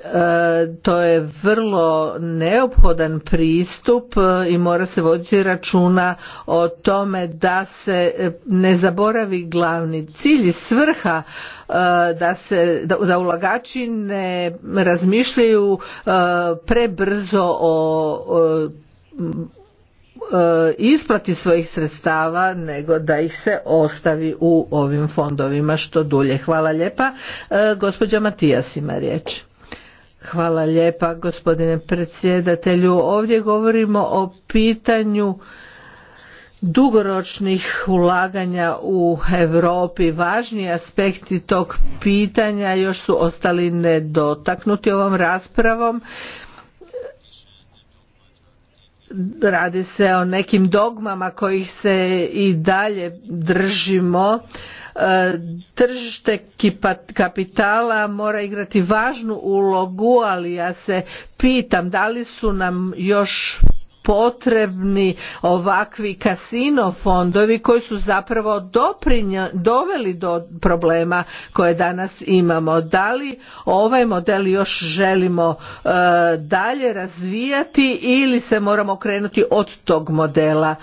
E, to je vrlo neophodan pristup e, i mora se voditi računa o tome da se e, ne zaboravi glavni cilj i svrha da se da ulagači ne razmišljaju prebrzo o isplati svojih sredstava nego da ih se ostavi u ovim fondovima što dulje. Hvala lijepa. Gospođa Matijas ima riječ. Hvala lijepa gospodine predsjedatelju. Ovdje govorimo o pitanju dugoročnih ulaganja u Europi. Važni aspekti tog pitanja još su ostali nedotaknuti ovom raspravom. Radi se o nekim dogmama kojih se i dalje držimo E, tržište kapitala mora igrati važnu ulogu, ali ja se pitam da li su nam još potrebni ovakvi kasino fondovi koji su zapravo doveli do problema koje danas imamo. Da li ovaj model još želimo e, dalje razvijati ili se moramo krenuti od tog modela?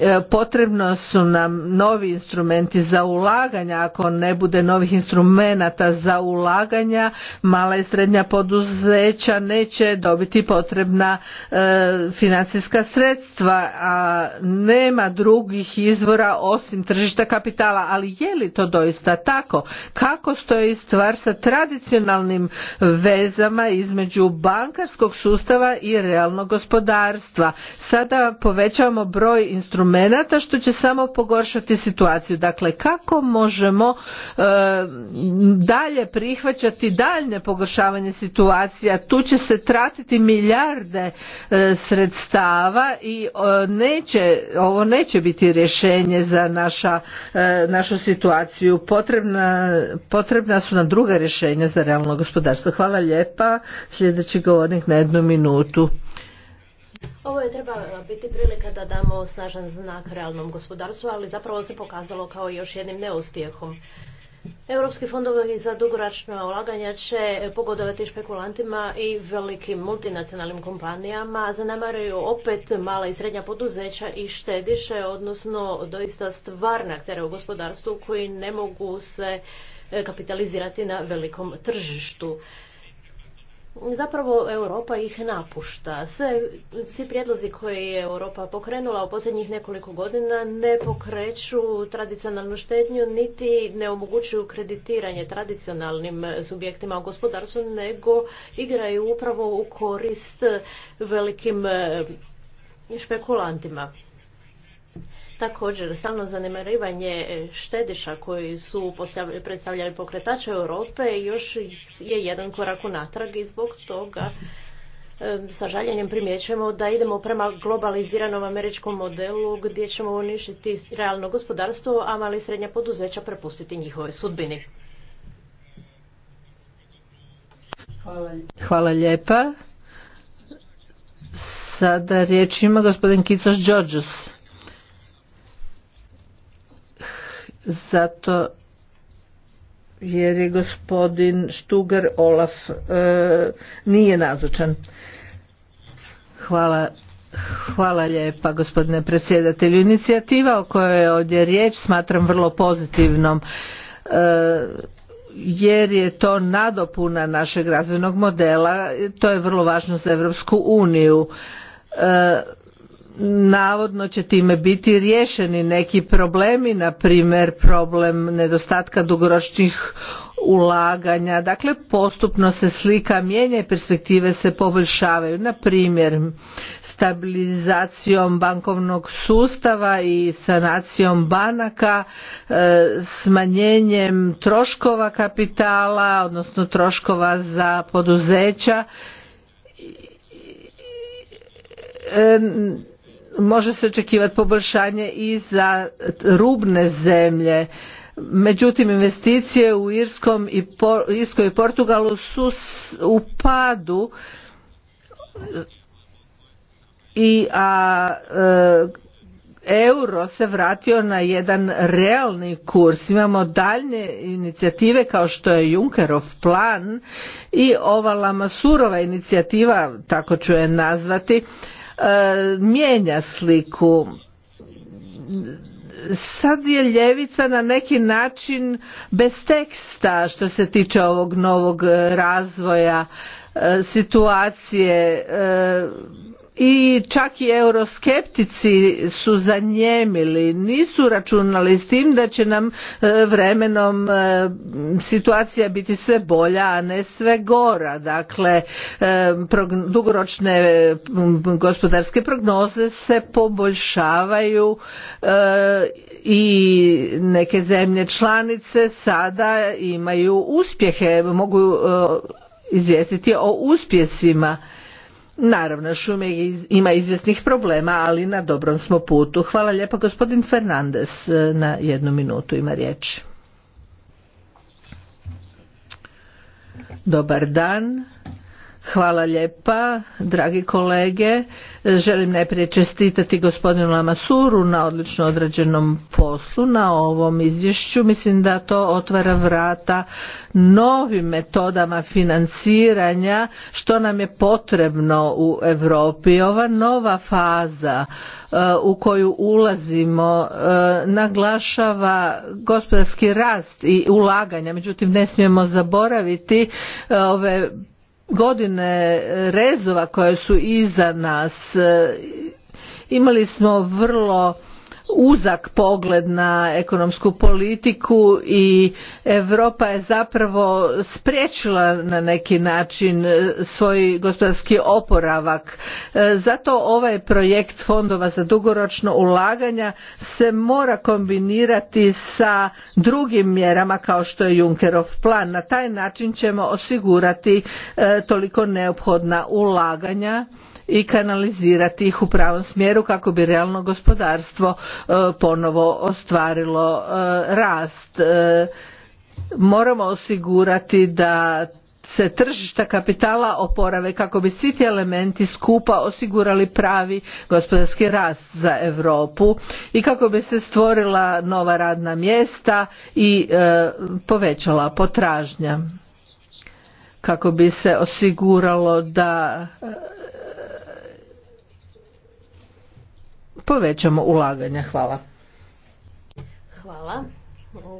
E, potrebno su nam novi instrumenti za ulaganja ako ne bude novih instrumenata za ulaganja mala i srednja poduzeća neće dobiti potrebna e, financijska sredstva a nema drugih izvora osim tržišta kapitala ali je li to doista tako kako stoji stvar sa tradicionalnim vezama između bankarskog sustava i realnog gospodarstva sada povećavamo broj instrumenta instrumenata što će samo pogoršati situaciju. Dakle, kako možemo e, dalje prihvaćati daljne pogoršavanje situacija? Tu će se tratiti milijarde e, sredstava i e, neće, ovo neće biti rješenje za naša, našu situaciju. Potrebna, potrebna su nam druga rješenja za realno gospodarstvo. Hvala lijepa. Sljedeći govornik na jednu minutu. Ovo je trebala biti prilika da damo snažan znak realnom gospodarstvu, ali zapravo se pokazalo kao još jednim neuspjehom. Europski fondovi za dugoročna ulaganja će pogodovati špekulantima i velikim multinacionalnim kompanijama, zanemaraju opet mala i srednja poduzeća i štediše, odnosno doista stvarne aktere u gospodarstvu koji ne mogu se kapitalizirati na velikom tržištu. Zapravo Europa ih napušta. Sve, svi prijedlozi koje je Europa pokrenula u posljednjih nekoliko godina ne pokreću tradicionalnu štednju niti ne omogućuju kreditiranje tradicionalnim subjektima u gospodarstvu, nego igraju upravo u korist velikim eh, špekulantima. Također, stalno zanemarivanje e, štediša koji su predstavljali pokretače Europe još je jedan korak unatrag i zbog toga e, sa žaljenjem primjećujemo da idemo prema globaliziranom američkom modelu gdje ćemo uništiti realno gospodarstvo, a mali i srednja poduzeća prepustiti njihove sudbini. Hvala lijepa. Sada riječ ima gospodin Kicoš Đorđus. zato jer je gospodin Štugar Olaf e, nije nazočan. Hvala Hvala lijepa gospodine predsjedatelju. Inicijativa o kojoj je ovdje riječ smatram vrlo pozitivnom e, jer je to nadopuna našeg razvojnog modela. To je vrlo važno za Evropsku uniju e, navodno će time biti riješeni neki problemi, na primjer problem nedostatka dugoročnih ulaganja. Dakle, postupno se slika mijenja i perspektive se poboljšavaju. Na primjer, stabilizacijom bankovnog sustava i sanacijom banaka, e, smanjenjem troškova kapitala, odnosno troškova za poduzeća, e, može se očekivati poboljšanje i za rubne zemlje međutim investicije u irskom i irskoj i portugalu su u padu i a e, euro se vratio na jedan realni kurs imamo daljnje inicijative kao što je junckerov plan i ova lamasurova inicijativa tako ću je nazvati E, mijenja sliku sad je ljevica na neki način bez teksta što se tiče ovog novog e, razvoja e, situacije i čak i euroskeptici su zanjemili, nisu računali s tim da će nam e, vremenom e, situacija biti sve bolja, a ne sve gora. Dakle, e, dugoročne gospodarske prognoze se poboljšavaju i neke zemlje članice sada imaju uspjehe, mogu izvijestiti o uspjesima Naravno, šume ima izvjesnih problema, ali na dobrom smo putu. Hvala lijepo gospodin Fernandez e, na jednu minutu ima riječ. Dobar dan. Hvala lijepa, dragi kolege. Želim najprije čestitati gospodinu Lamasuru na odlično odrađenom poslu, na ovom izvješću. Mislim da to otvara vrata novim metodama financiranja što nam je potrebno u Europi. Ova nova faza e, u koju ulazimo e, naglašava gospodarski rast i ulaganja. Međutim, ne smijemo zaboraviti e, ove godine rezova koje su iza nas e, imali smo vrlo uzak pogled na ekonomsku politiku i Europa je zapravo spriječila na neki način e, svoj gospodarski oporavak. E, zato ovaj projekt fondova za dugoročno ulaganja se mora kombinirati sa drugim mjerama kao što je Junckerov plan. Na taj način ćemo osigurati e, toliko neophodna ulaganja i kanalizirati ih u pravom smjeru kako bi realno gospodarstvo e, ponovo ostvarilo e, rast. E, moramo osigurati da se tržišta kapitala oporave kako bi svi ti elementi skupa osigurali pravi gospodarski rast za Europu i kako bi se stvorila nova radna mjesta i povećala potražnja kako bi se osiguralo da povećamo ulaganja. Hvala. Hvala.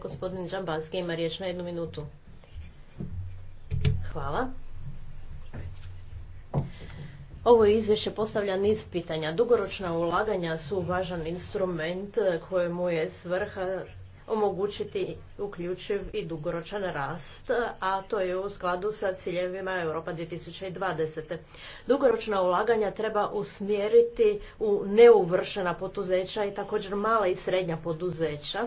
Gospodin Džambanski ima riječ na jednu minutu. Hvala. Ovo izvješće postavlja niz pitanja. Dugoročna ulaganja su važan instrument kojemu je svrha omogućiti uključiv i dugoročan rast, a to je u skladu sa ciljevima Europa 2020. Dugoročna ulaganja treba usmjeriti u neuvršena poduzeća i također mala i srednja poduzeća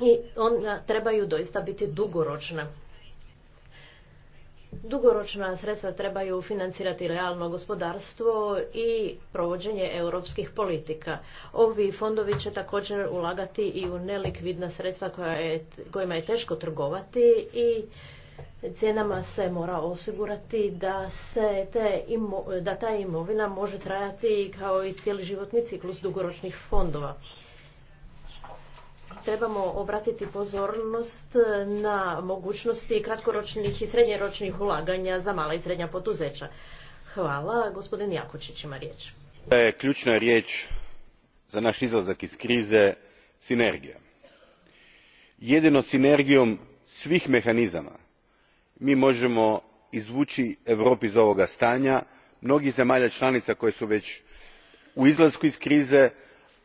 i ona trebaju doista biti dugoročna dugoročna sredstva trebaju financirati realno gospodarstvo i provođenje europskih politika. Ovi fondovi će također ulagati i u nelikvidna sredstva koja je, kojima je teško trgovati i cijenama se mora osigurati da, se te da ta imovina može trajati kao i cijeli životni ciklus dugoročnih fondova trebamo obratiti pozornost na mogućnosti kratkoročnih i srednjeročnih ulaganja za mala i srednja poduzeća. Hvala. Gospodin Jakočić ima riječ. Je ključna riječ za naš izlazak iz krize sinergija. Jedino sinergijom svih mehanizama mi možemo izvući Europu iz ovoga stanja, Mnogi zemalja članica koje su već u izlasku iz krize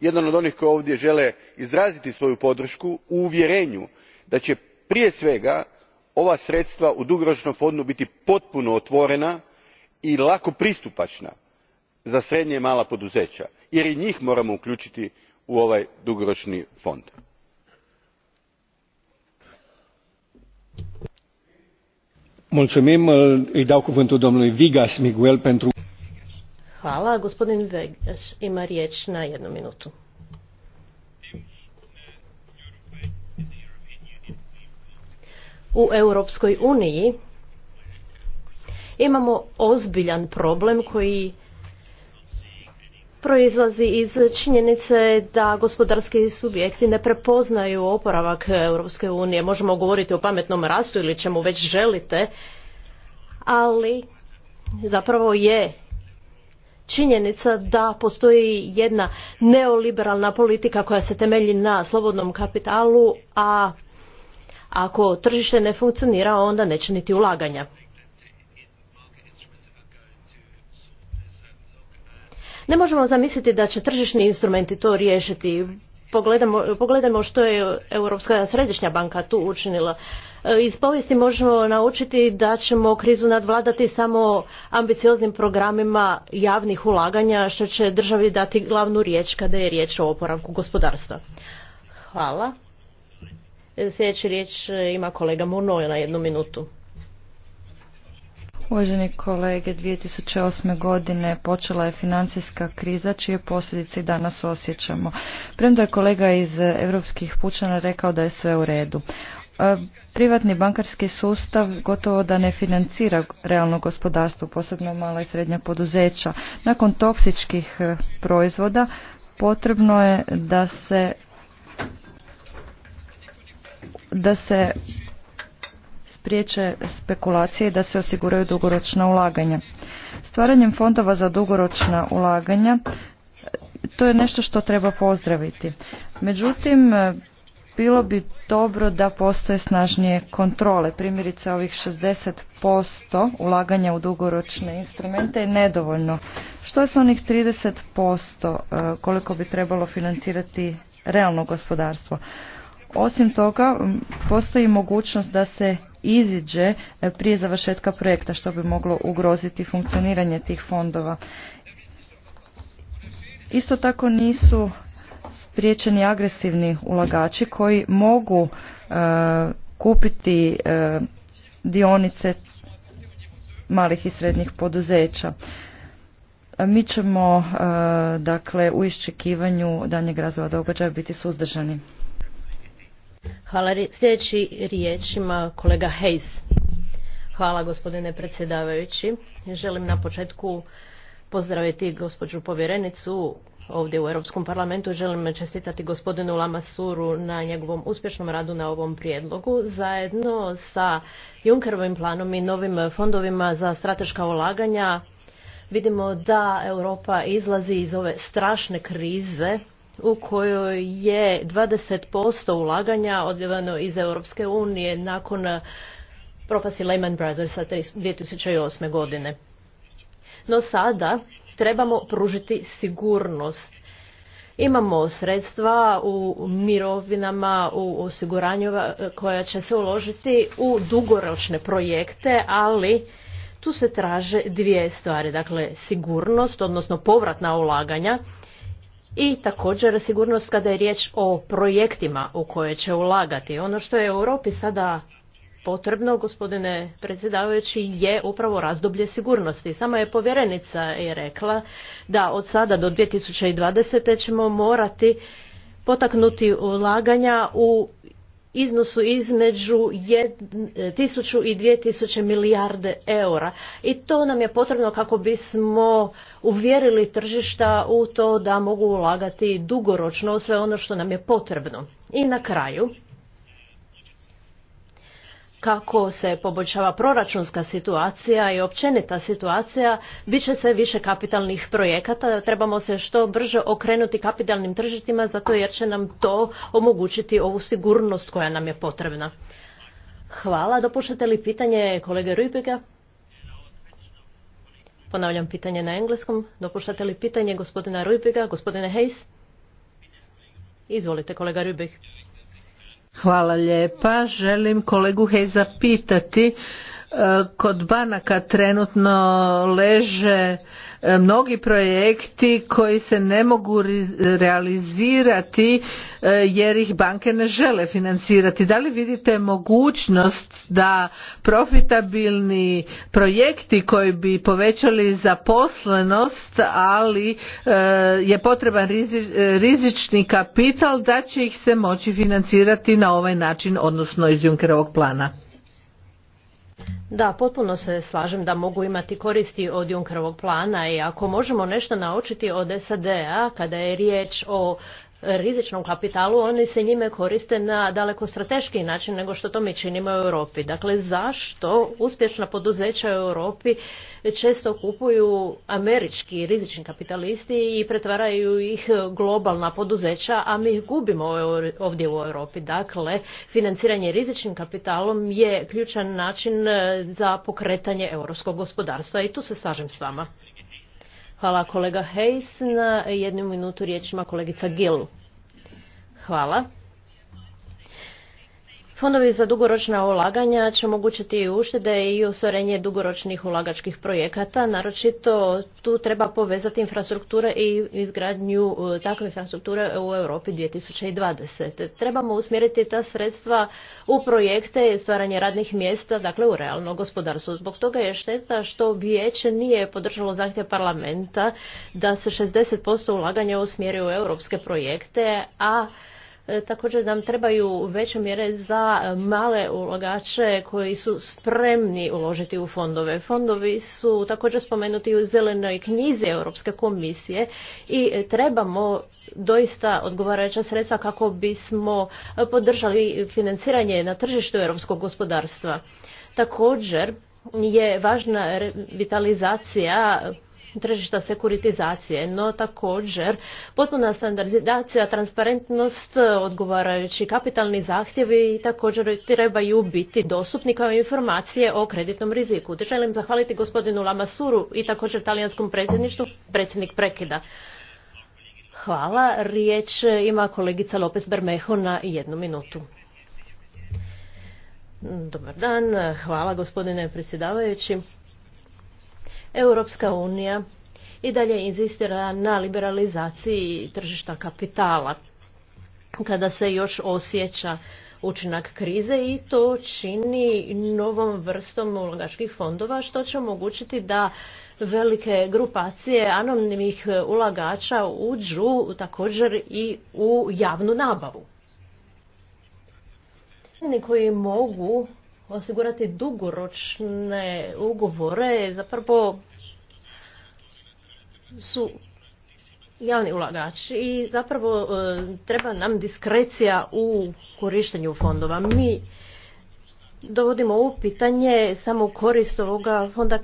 jedan od onih koji ovdje žele izraziti svoju podršku u uvjerenju da će prije svega ova sredstva u dugoročnom fondu biti potpuno otvorena i lako pristupačna za srednja i mala poduzeća jer i njih moramo uključiti u ovaj dugoročni fond. Hvala. Gospodin Vegas ima riječ na jednu minutu. U Europskoj uniji imamo ozbiljan problem koji proizlazi iz činjenice da gospodarski subjekti ne prepoznaju oporavak Europske unije. Možemo govoriti o pametnom rastu ili čemu već želite, ali zapravo je činjenica da postoji jedna neoliberalna politika koja se temelji na slobodnom kapitalu, a ako tržište ne funkcionira onda neće niti ulaganja. Ne možemo zamisliti da će tržišni instrumenti to riješiti. Pogledajmo što je Europska središnja banka tu učinila. Eh, iz povijesti možemo naučiti da ćemo krizu nadvladati samo ambicioznim programima javnih ulaganja, što će državi dati glavnu riječ kada je riječ o oporavku gospodarstva. Hvala. Eh, Sljedeća riječ eh, ima kolega eight na jednu minutu. Uvaženi kolege, 2008. godine počela je financijska kriza čije posljedice i danas osjećamo. Premda je kolega iz Europskih pučana rekao da je sve u redu privatni bankarski sustav gotovo da ne financira realno gospodarstvo, posebno mala i srednja poduzeća. Nakon toksičkih e, proizvoda potrebno je da se da se spriječe spekulacije i da se osiguraju dugoročna ulaganja. Stvaranjem fondova za dugoročna ulaganja e, to je nešto što treba pozdraviti. Međutim, e, bilo bi dobro da postoje snažnije kontrole. Primjerice ovih 60% ulaganja u dugoročne instrumente je nedovoljno. Što je s onih 30% e, koliko bi trebalo financirati realno gospodarstvo? Osim toga, postoji mogućnost da se iziđe e, prije završetka projekta, što bi moglo ugroziti funkcioniranje tih fondova. Isto tako nisu Priječeni agresivni ulagači koji mogu e, kupiti e, dionice malih i srednjih poduzeća. Mi ćemo e, dakle u iščekivanju danjeg razvoja događaja biti suzdržani. Hvala. Sljedeći riječ kolega Hejs. Hvala gospodine predsjedavajući. Želim na početku pozdraviti gospođu povjerenicu ovdje u Europskom parlamentu. Želim čestitati gospodinu Lamassuru na njegovom uspješnom radu na ovom prijedlogu. Zajedno sa Junkerovim planom i novim fondovima za strateška ulaganja vidimo da Europa izlazi iz ove strašne krize u kojoj je 20% ulaganja odljevano iz Europske unije nakon propasti Lehman Brothersa 2008. godine. No sada trebamo pružiti sigurnost. Imamo sredstva u mirovinama, u osiguranju eh, koja će se uložiti u dugoročne projekte, ali tu se traže dvije stvari. Dakle, sigurnost, odnosno povratna ulaganja i također sigurnost kada je riječ o projektima u koje će ulagati. Ono što je u Europi sada potrebno, gospodine predsjedavajući, je upravo razdoblje sigurnosti. Sama je povjerenica i rekla da od sada do 2020. ćemo morati potaknuti ulaganja u iznosu između 1000 i 2000 milijarde eura. I to nam je potrebno kako bismo uvjerili tržišta u to da mogu ulagati dugoročno sve ono što nam je potrebno. I na kraju, kako se poboljšava proračunska situacija i općenita situacija, bit će sve više kapitalnih projekata. Trebamo se što brže okrenuti kapitalnim tržištima zato jer će nam to omogućiti ovu sigurnost koja nam je potrebna. Hvala. Dopuštate li pitanje kolege Rujbega? Ponavljam pitanje na engleskom. Dopuštate li pitanje gospodina Rujbega, gospodine Hayes? Izvolite kolega Rubeg. Hvala lijepa. Želim kolegu Heza pitati. E, kod banaka trenutno leže E, mnogi projekti koji se ne mogu realizirati e, jer ih banke ne žele financirati. Da li vidite mogućnost da profitabilni projekti koji bi povećali zaposlenost, ali e, je potreban rizični kapital, da će ih se moći financirati na ovaj način, odnosno iz Junkerovog plana? Da, potpuno se slažem da mogu imati koristi od Junkerovog plana i ako možemo nešto naučiti od SAD-a kada je riječ o rizičnom kapitalu, oni se njime koriste na daleko strateški način nego što to mi činimo u Europi. Dakle, zašto uspješna poduzeća u Europi često kupuju američki rizični kapitalisti i pretvaraju ih globalna poduzeća, a mi ih gubimo ovdje u Europi. Dakle, financiranje rizičnim kapitalom je ključan način za pokretanje europskog gospodarstva i tu se slažem s vama. Hvala kolega Hejs Na jednu minutu riječima kolegica Gil. Hvala. Fondovi za dugoročna ulaganja će omogućiti uštede i ostvarenje dugoročnih ulagačkih projekata. Naročito tu treba povezati infrastrukture i izgradnju e, takve infrastrukture u Europi 2020. Trebamo usmjeriti ta sredstva u projekte i stvaranje radnih mjesta, dakle u realno gospodarstvo. Zbog toga je šteta što vijeće nije podržalo zahtjev parlamenta da se 60% ulaganja usmjeri u europske projekte, a E, također nam trebaju veće mjere za male ulagače koji su spremni uložiti u fondove. Fondovi su također spomenuti u zelenoj knjizi Europske komisije i trebamo doista odgovarajuća sredstva kako bismo podržali financiranje na tržištu europskog gospodarstva. Također je važna revitalizacija tržišta sekuritizacije, no također potpuna standardizacija, transparentnost, odgovarajući kapitalni zahtjevi i također trebaju biti dostupni kao informacije o kreditnom riziku. Želim zahvaliti gospodinu Lamasuru i također talijanskom predsjedništvu, predsjednik prekida. Hvala. Riječ ima kolegica Lopez Bermeho na jednu minutu. Dobar dan. Hvala gospodine predsjedavajući. Europska unija i dalje inzistira na liberalizaciji tržišta kapitala kada se još osjeća učinak krize i to čini novom vrstom ulagačkih fondova što će omogućiti da velike grupacije anonimnih ulagača uđu također i u javnu nabavu. Oni koji mogu osigurati dugoročne ugovore, zapravo su javni ulagači i zapravo e, treba nam diskrecija u korištenju fondova. Mi dovodimo u pitanje samo korist ovoga fonda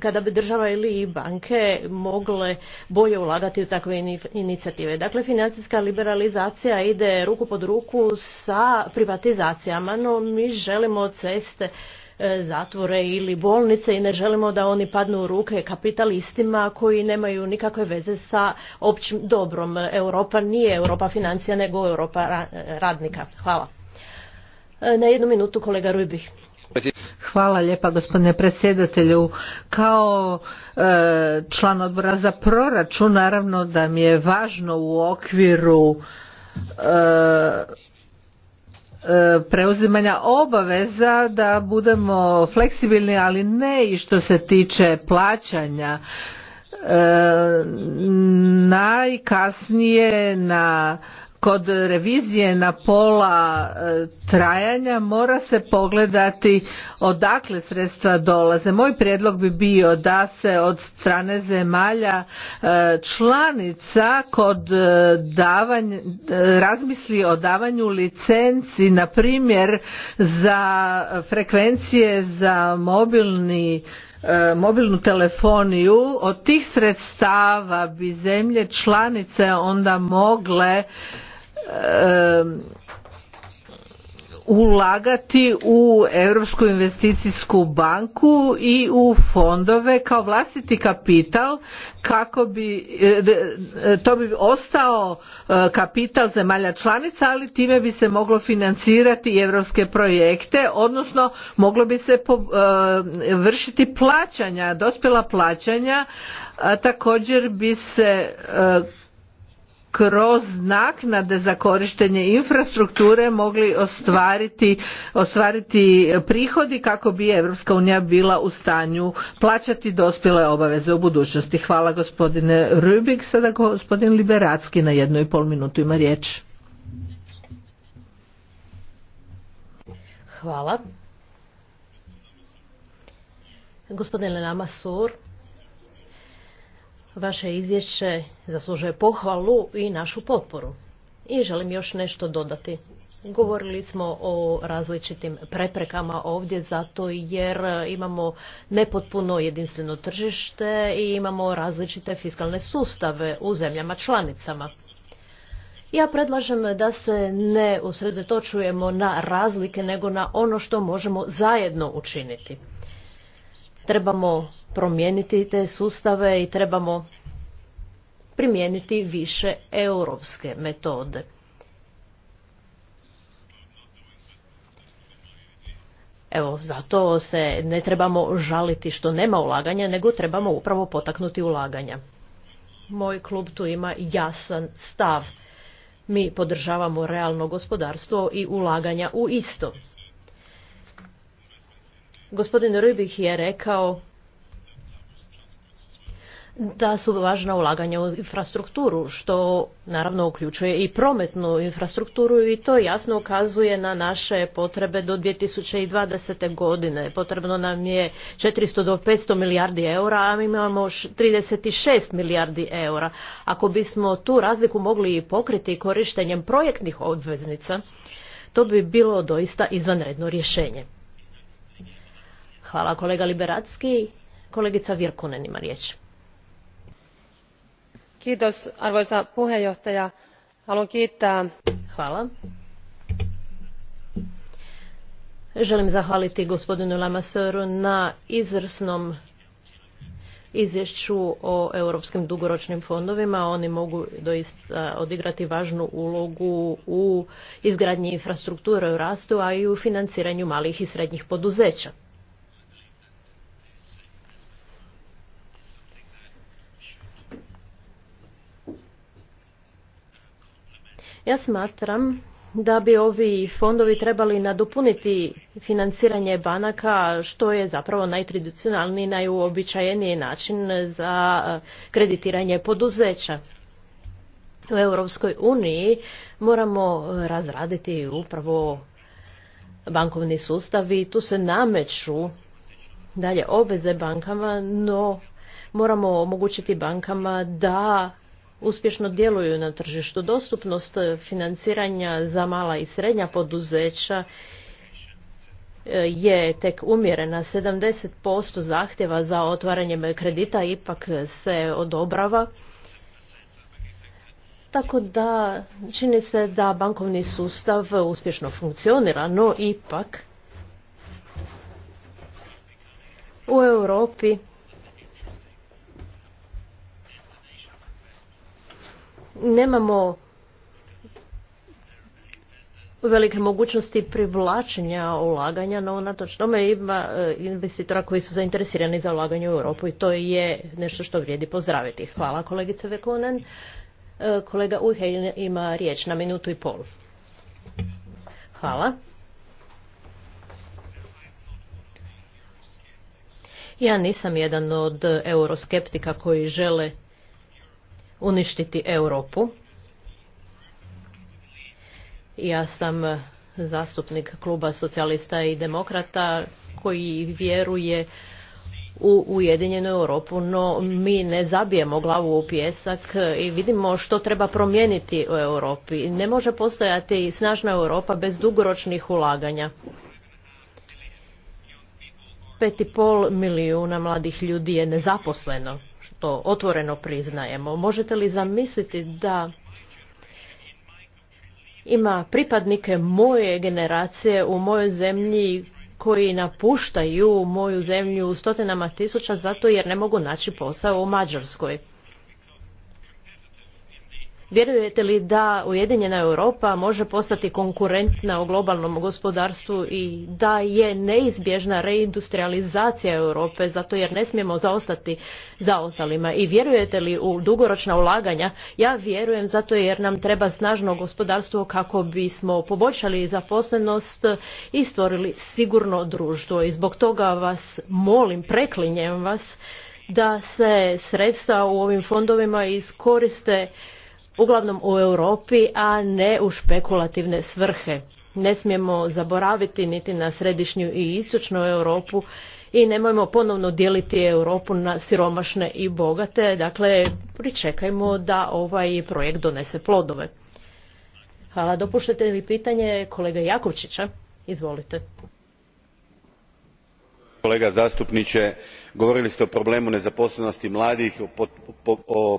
kada bi država ili banke mogle bolje ulagati u takve inicijative. Dakle, financijska liberalizacija ide ruku pod ruku sa privatizacijama, no mi želimo ceste e, zatvore ili bolnice i ne želimo da oni padnu u ruke kapitalistima koji nemaju nikakve veze sa općim dobrom. Europa nije Europa financija nego Europa radnika. Hvala. E, na jednu minutu kolega Rujbih. Hvala lijepa gospodine predsjedatelju. Kao e, član odbora za proračun naravno da mi je važno u okviru e, preuzimanja obaveza da budemo fleksibilni, ali ne i što se tiče plaćanja. najkasnije na kod revizije na pola e, trajanja mora se pogledati odakle sredstva dolaze. Moj prijedlog bi bio da se od strane zemalja e, članica kod e, razmisli o davanju licenci na primjer za frekvencije za mobilni mobilnu telefoniju od tih sredstava bi zemlje članice onda mogle ulagati u Europsku investicijsku banku i u fondove kao vlastiti kapital kako bi e, e, to bi ostao e, kapital zemalja članica ali time bi se moglo financirati europske projekte odnosno moglo bi se vršiti plaćanja dospjela plaćanja također bi se kroz naknade za korištenje infrastrukture mogli ostvariti, prihodi kako bi Europska unija bila u stanju plaćati dospjele obaveze u budućnosti. Hvala gospodine Rubik. Sada gospodin Liberacki na jednu i pol minutu ima riječ. Hvala. Gospodine nama Sur, Vaše izvješće zaslužuje pohvalu i našu potporu. I želim još nešto dodati. Govorili smo o različitim preprekama ovdje zato jer imamo nepotpuno jedinstveno tržište i imamo različite fiskalne sustave u zemljama članicama. Ja predlažem da se ne usredotočujemo na razlike nego na ono što možemo zajedno učiniti. Trebamo promijeniti te sustave i trebamo primijeniti više europske metode. Evo, zato se ne trebamo žaliti što nema ulaganja, nego trebamo upravo potaknuti ulaganja. Moj klub tu ima jasan stav. Mi podržavamo realno gospodarstvo i ulaganja u isto. Gospodin Rybih je rekao da su važna ulaganja u infrastrukturu, što naravno uključuje i prometnu infrastrukturu i to jasno ukazuje na naše potrebe do 2020. godine. Potrebno nam je 400 do 500 milijardi eura, a mi imamo 36 milijardi eura. Ako bismo tu razliku mogli pokriti korištenjem projektnih obveznica, to bi bilo doista izvanredno rješenje. Hvala kolega Liberacki. Kolegica Virkunen ima riječ. Kiitos, arvoisa puheenjohtaja. Haluan kiittää. Hvala. Želim zahvaliti gospodinu Lamasoru na izvrsnom izvješću o europskim dugoročnim fondovima. Oni mogu doista odigrati važnu ulogu u izgradnji infrastrukture u rastu, a i u financiranju malih i srednjih poduzeća. Ja smatram da bi ovi fondovi trebali nadopuniti financiranje banaka što je zapravo najtradicionalniji, najuobičajeniji način za e, kreditiranje poduzeća. U Europskoj uniji moramo razraditi upravo bankovni sustav i tu se nameću dalje obveze bankama, no moramo omogućiti bankama da uspješno djeluju na tržištu. Dostupnost financiranja za mala i srednja poduzeća e, je tek umjerena. 70% zahtjeva za otvaranjem kredita ipak se odobrava. Tako da čini se da bankovni sustav uspješno funkcionira, no ipak u Europi nemamo velike mogućnosti privlačenja ulaganja, no unatoč tome ima e, investitora koji su zainteresirani za ulaganje u Europu i to je nešto što vrijedi pozdraviti. Hvala kolegice Vekonen. E, kolega Uhej ima riječ na minutu i pol. Hvala. Ja nisam jedan od euroskeptika koji žele uništiti Europu. Ja sam zastupnik kluba socijalista i demokrata koji vjeruje u Ujedinjenu Europu, no mi ne zabijemo glavu u pjesak i vidimo što treba promijeniti u Europi. Ne može postojati snažna Europa bez dugoročnih ulaganja. pol milijuna mladih ljudi je nezaposleno otvoreno priznajemo. Možete li zamisliti da ima pripadnike moje generacije u mojoj zemlji koji napuštaju moju zemlju stotinama tisuća zato jer ne mogu naći posao u Mađarskoj. Vjerujete li da Ujedinjena Europa može postati konkurentna u globalnom gospodarstvu i da je neizbježna reindustrializacija Europe zato jer ne smijemo zaostati za ostalima? I vjerujete li u dugoročna ulaganja? Ja vjerujem zato jer nam treba snažno gospodarstvo kako bismo poboljšali zaposlenost i stvorili sigurno društvo. I zbog toga vas molim, preklinjem vas da se sredstva u ovim fondovima iskoriste uglavnom u Europi, a ne u špekulativne svrhe. Ne smijemo zaboraviti niti na središnju i istočnu Europu i nemojmo ponovno dijeliti Europu na siromašne i bogate. Dakle, pričekajmo da ovaj projekt donese plodove. Hvala. Dopuštate li pitanje kolega Jakovčića? Izvolite. Kolega zastupniče, govorili ste o problemu nezaposlenosti mladih, o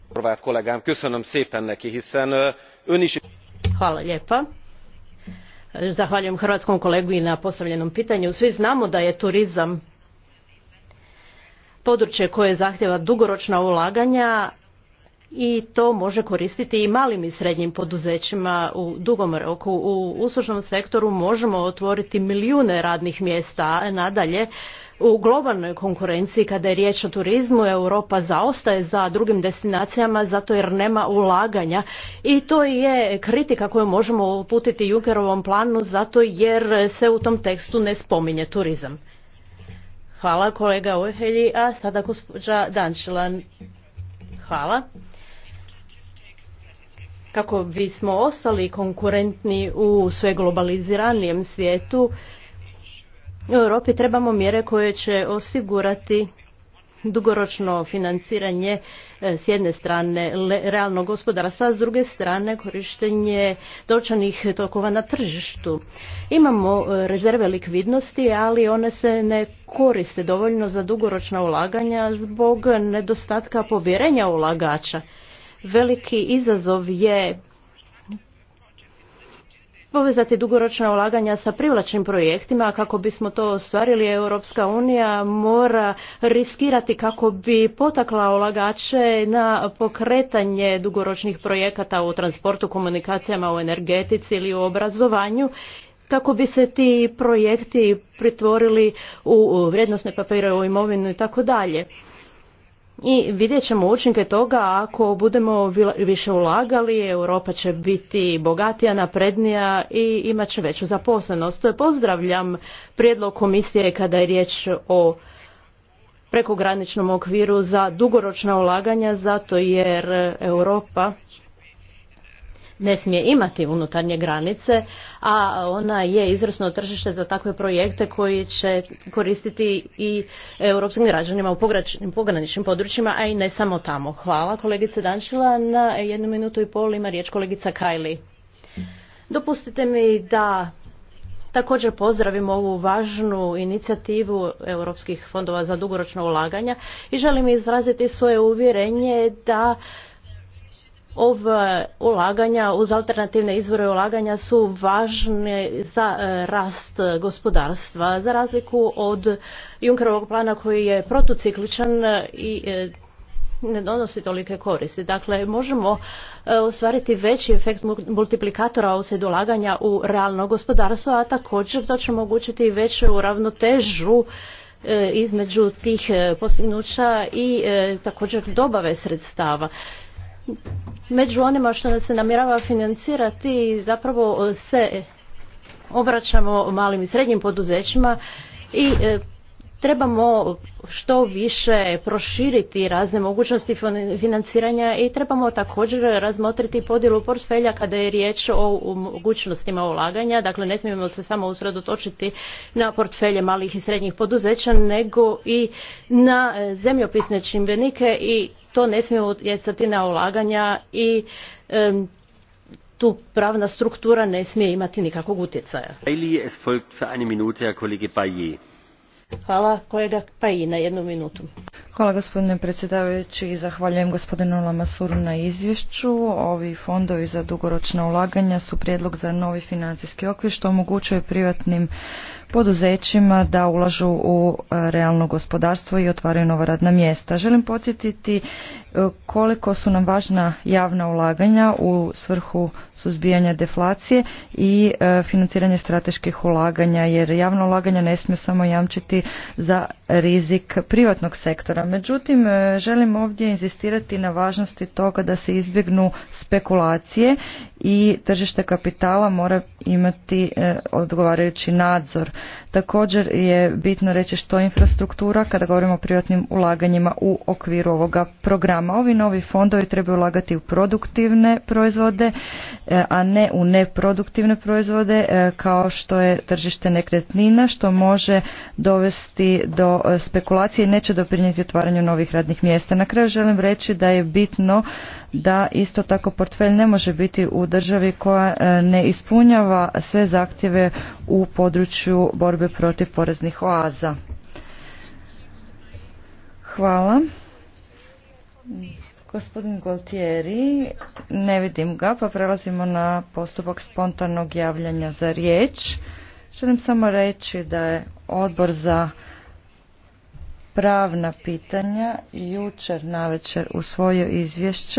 horvát kollégám köszönöm szépen hiszen ön is. zahvaljujem hrvatskom kolegi na postavljenom pitanju svi znamo da je turizam područje koje zahtjeva dugoročna ulaganja i to može koristiti i malim i srednjim poduzećima u dugom roku. U uslužnom sektoru možemo otvoriti milijune radnih mjesta, a nadalje u globalnoj konkurenciji kada je riječ o turizmu Europa zaostaje za drugim destinacijama zato jer nema ulaganja i to je kritika koju možemo uputiti Junckerovom planu zato jer se u tom tekstu ne spominje turizam. Hvala kolega a sada gospođa Dančilan. Hvala. Kako bismo ostali konkurentni u sve globaliziranijem svijetu, u Europi trebamo mjere koje će osigurati dugoročno financiranje e, s jedne strane realnog gospodarstva, s druge strane korištenje točanih tokova na tržištu. Imamo e, rezerve likvidnosti, ali one se ne koriste dovoljno za dugoročna ulaganja zbog nedostatka povjerenja ulagača. Veliki izazov je povezati dugoročna ulaganja sa privlačnim projektima kako bismo to ostvarili Europska unija mora riskirati kako bi potakla ulagače na pokretanje dugoročnih projekata u transportu, komunikacijama, u energetici ili u obrazovanju kako bi se ti projekti pritvorili u vrijednosne papire, u imovinu i tako dalje i vidjet ćemo učinke toga ako budemo više ulagali, Europa će biti bogatija, naprednija i imat će veću zaposlenost. Pozdravljam prijedlog komisije kada je riječ o prekograničnom okviru za dugoročna ulaganja zato jer Europa ne smije imati unutarnje granice, a ona je izvrsno tržište za takve projekte koji će koristiti i europskim građanima u pograničnim područjima, a i ne samo tamo. Hvala kolegice Dančila. Na jednu minutu i pol ima riječ kolegica Kajli. Dopustite mi da Također pozdravim ovu važnu inicijativu europskih fondova za dugoročno ulaganja i želim izraziti svoje uvjerenje da ova ulaganja uz alternativne izvore ulaganja su važne za e, rast gospodarstva za razliku od Junkerovog plana koji je protucikličan i e, ne donosi tolike koristi. Dakle, možemo e, ostvariti veći efekt multiplikatora uslijed ulaganja u realno gospodarstvo, a također to će omogućiti veću ravnotežu između tih postignuća i također dobave sredstava među onima što se namjerava financirati zapravo e, se obraćamo malim i srednjim poduzećima i e, trebamo što više proširiti razne mogućnosti financiranja i trebamo također razmotriti podjelu portfelja kada je riječ o mogućnostima ulaganja. Dakle, ne smijemo se samo usredotočiti na portfelje malih i srednjih poduzeća, nego i na e, zemljopisne čimbenike i to ne smije utjecati na ulaganja i tu pravna struktura ne smije imati nikakvog utjecaja. Hvala kolega Paji na jednu minutu. Hvala gospodine predsjedavajući i zahvaljujem gospodinu Lamasuru na izvješću. Ovi fondovi za dugoročna ulaganja su prijedlog za novi financijski okvir što omogućuje privatnim poduzećima da ulažu u e, realno gospodarstvo i otvaraju nova radna mjesta. Želim podsjetiti e, koliko su nam važna javna ulaganja u svrhu suzbijanja deflacije i e, financiranje strateških ulaganja jer javna ulaganja ne smiju samo jamčiti za rizik privatnog sektora. Međutim, e, želim ovdje inzistirati na važnosti toga da se izbjegnu spekulacije i tržište kapitala mora imati e, odgovarajući nadzor. Također je bitno reći što infrastruktura kada govorimo o privatnim ulaganjima u okviru ovoga programa. Ovi novi fondovi trebaju ulagati u produktivne proizvode, e, a ne u neproduktivne proizvode kao što je tržište nekretnina što može dovesti do E, spekulacije i neće doprinijeti otvaranju novih radnih mjesta. Na kraju želim reći da je bitno da isto tako portfelj ne može biti u državi koja e, ne ispunjava sve zahtjeve u području borbe protiv poreznih oaza. Hvala. Gospodin Goltieri, ne vidim ga, pa prelazimo na postupak spontanog javljanja za riječ. Želim samo reći da je odbor za pravna pitanja jučer navečer svoje izvješće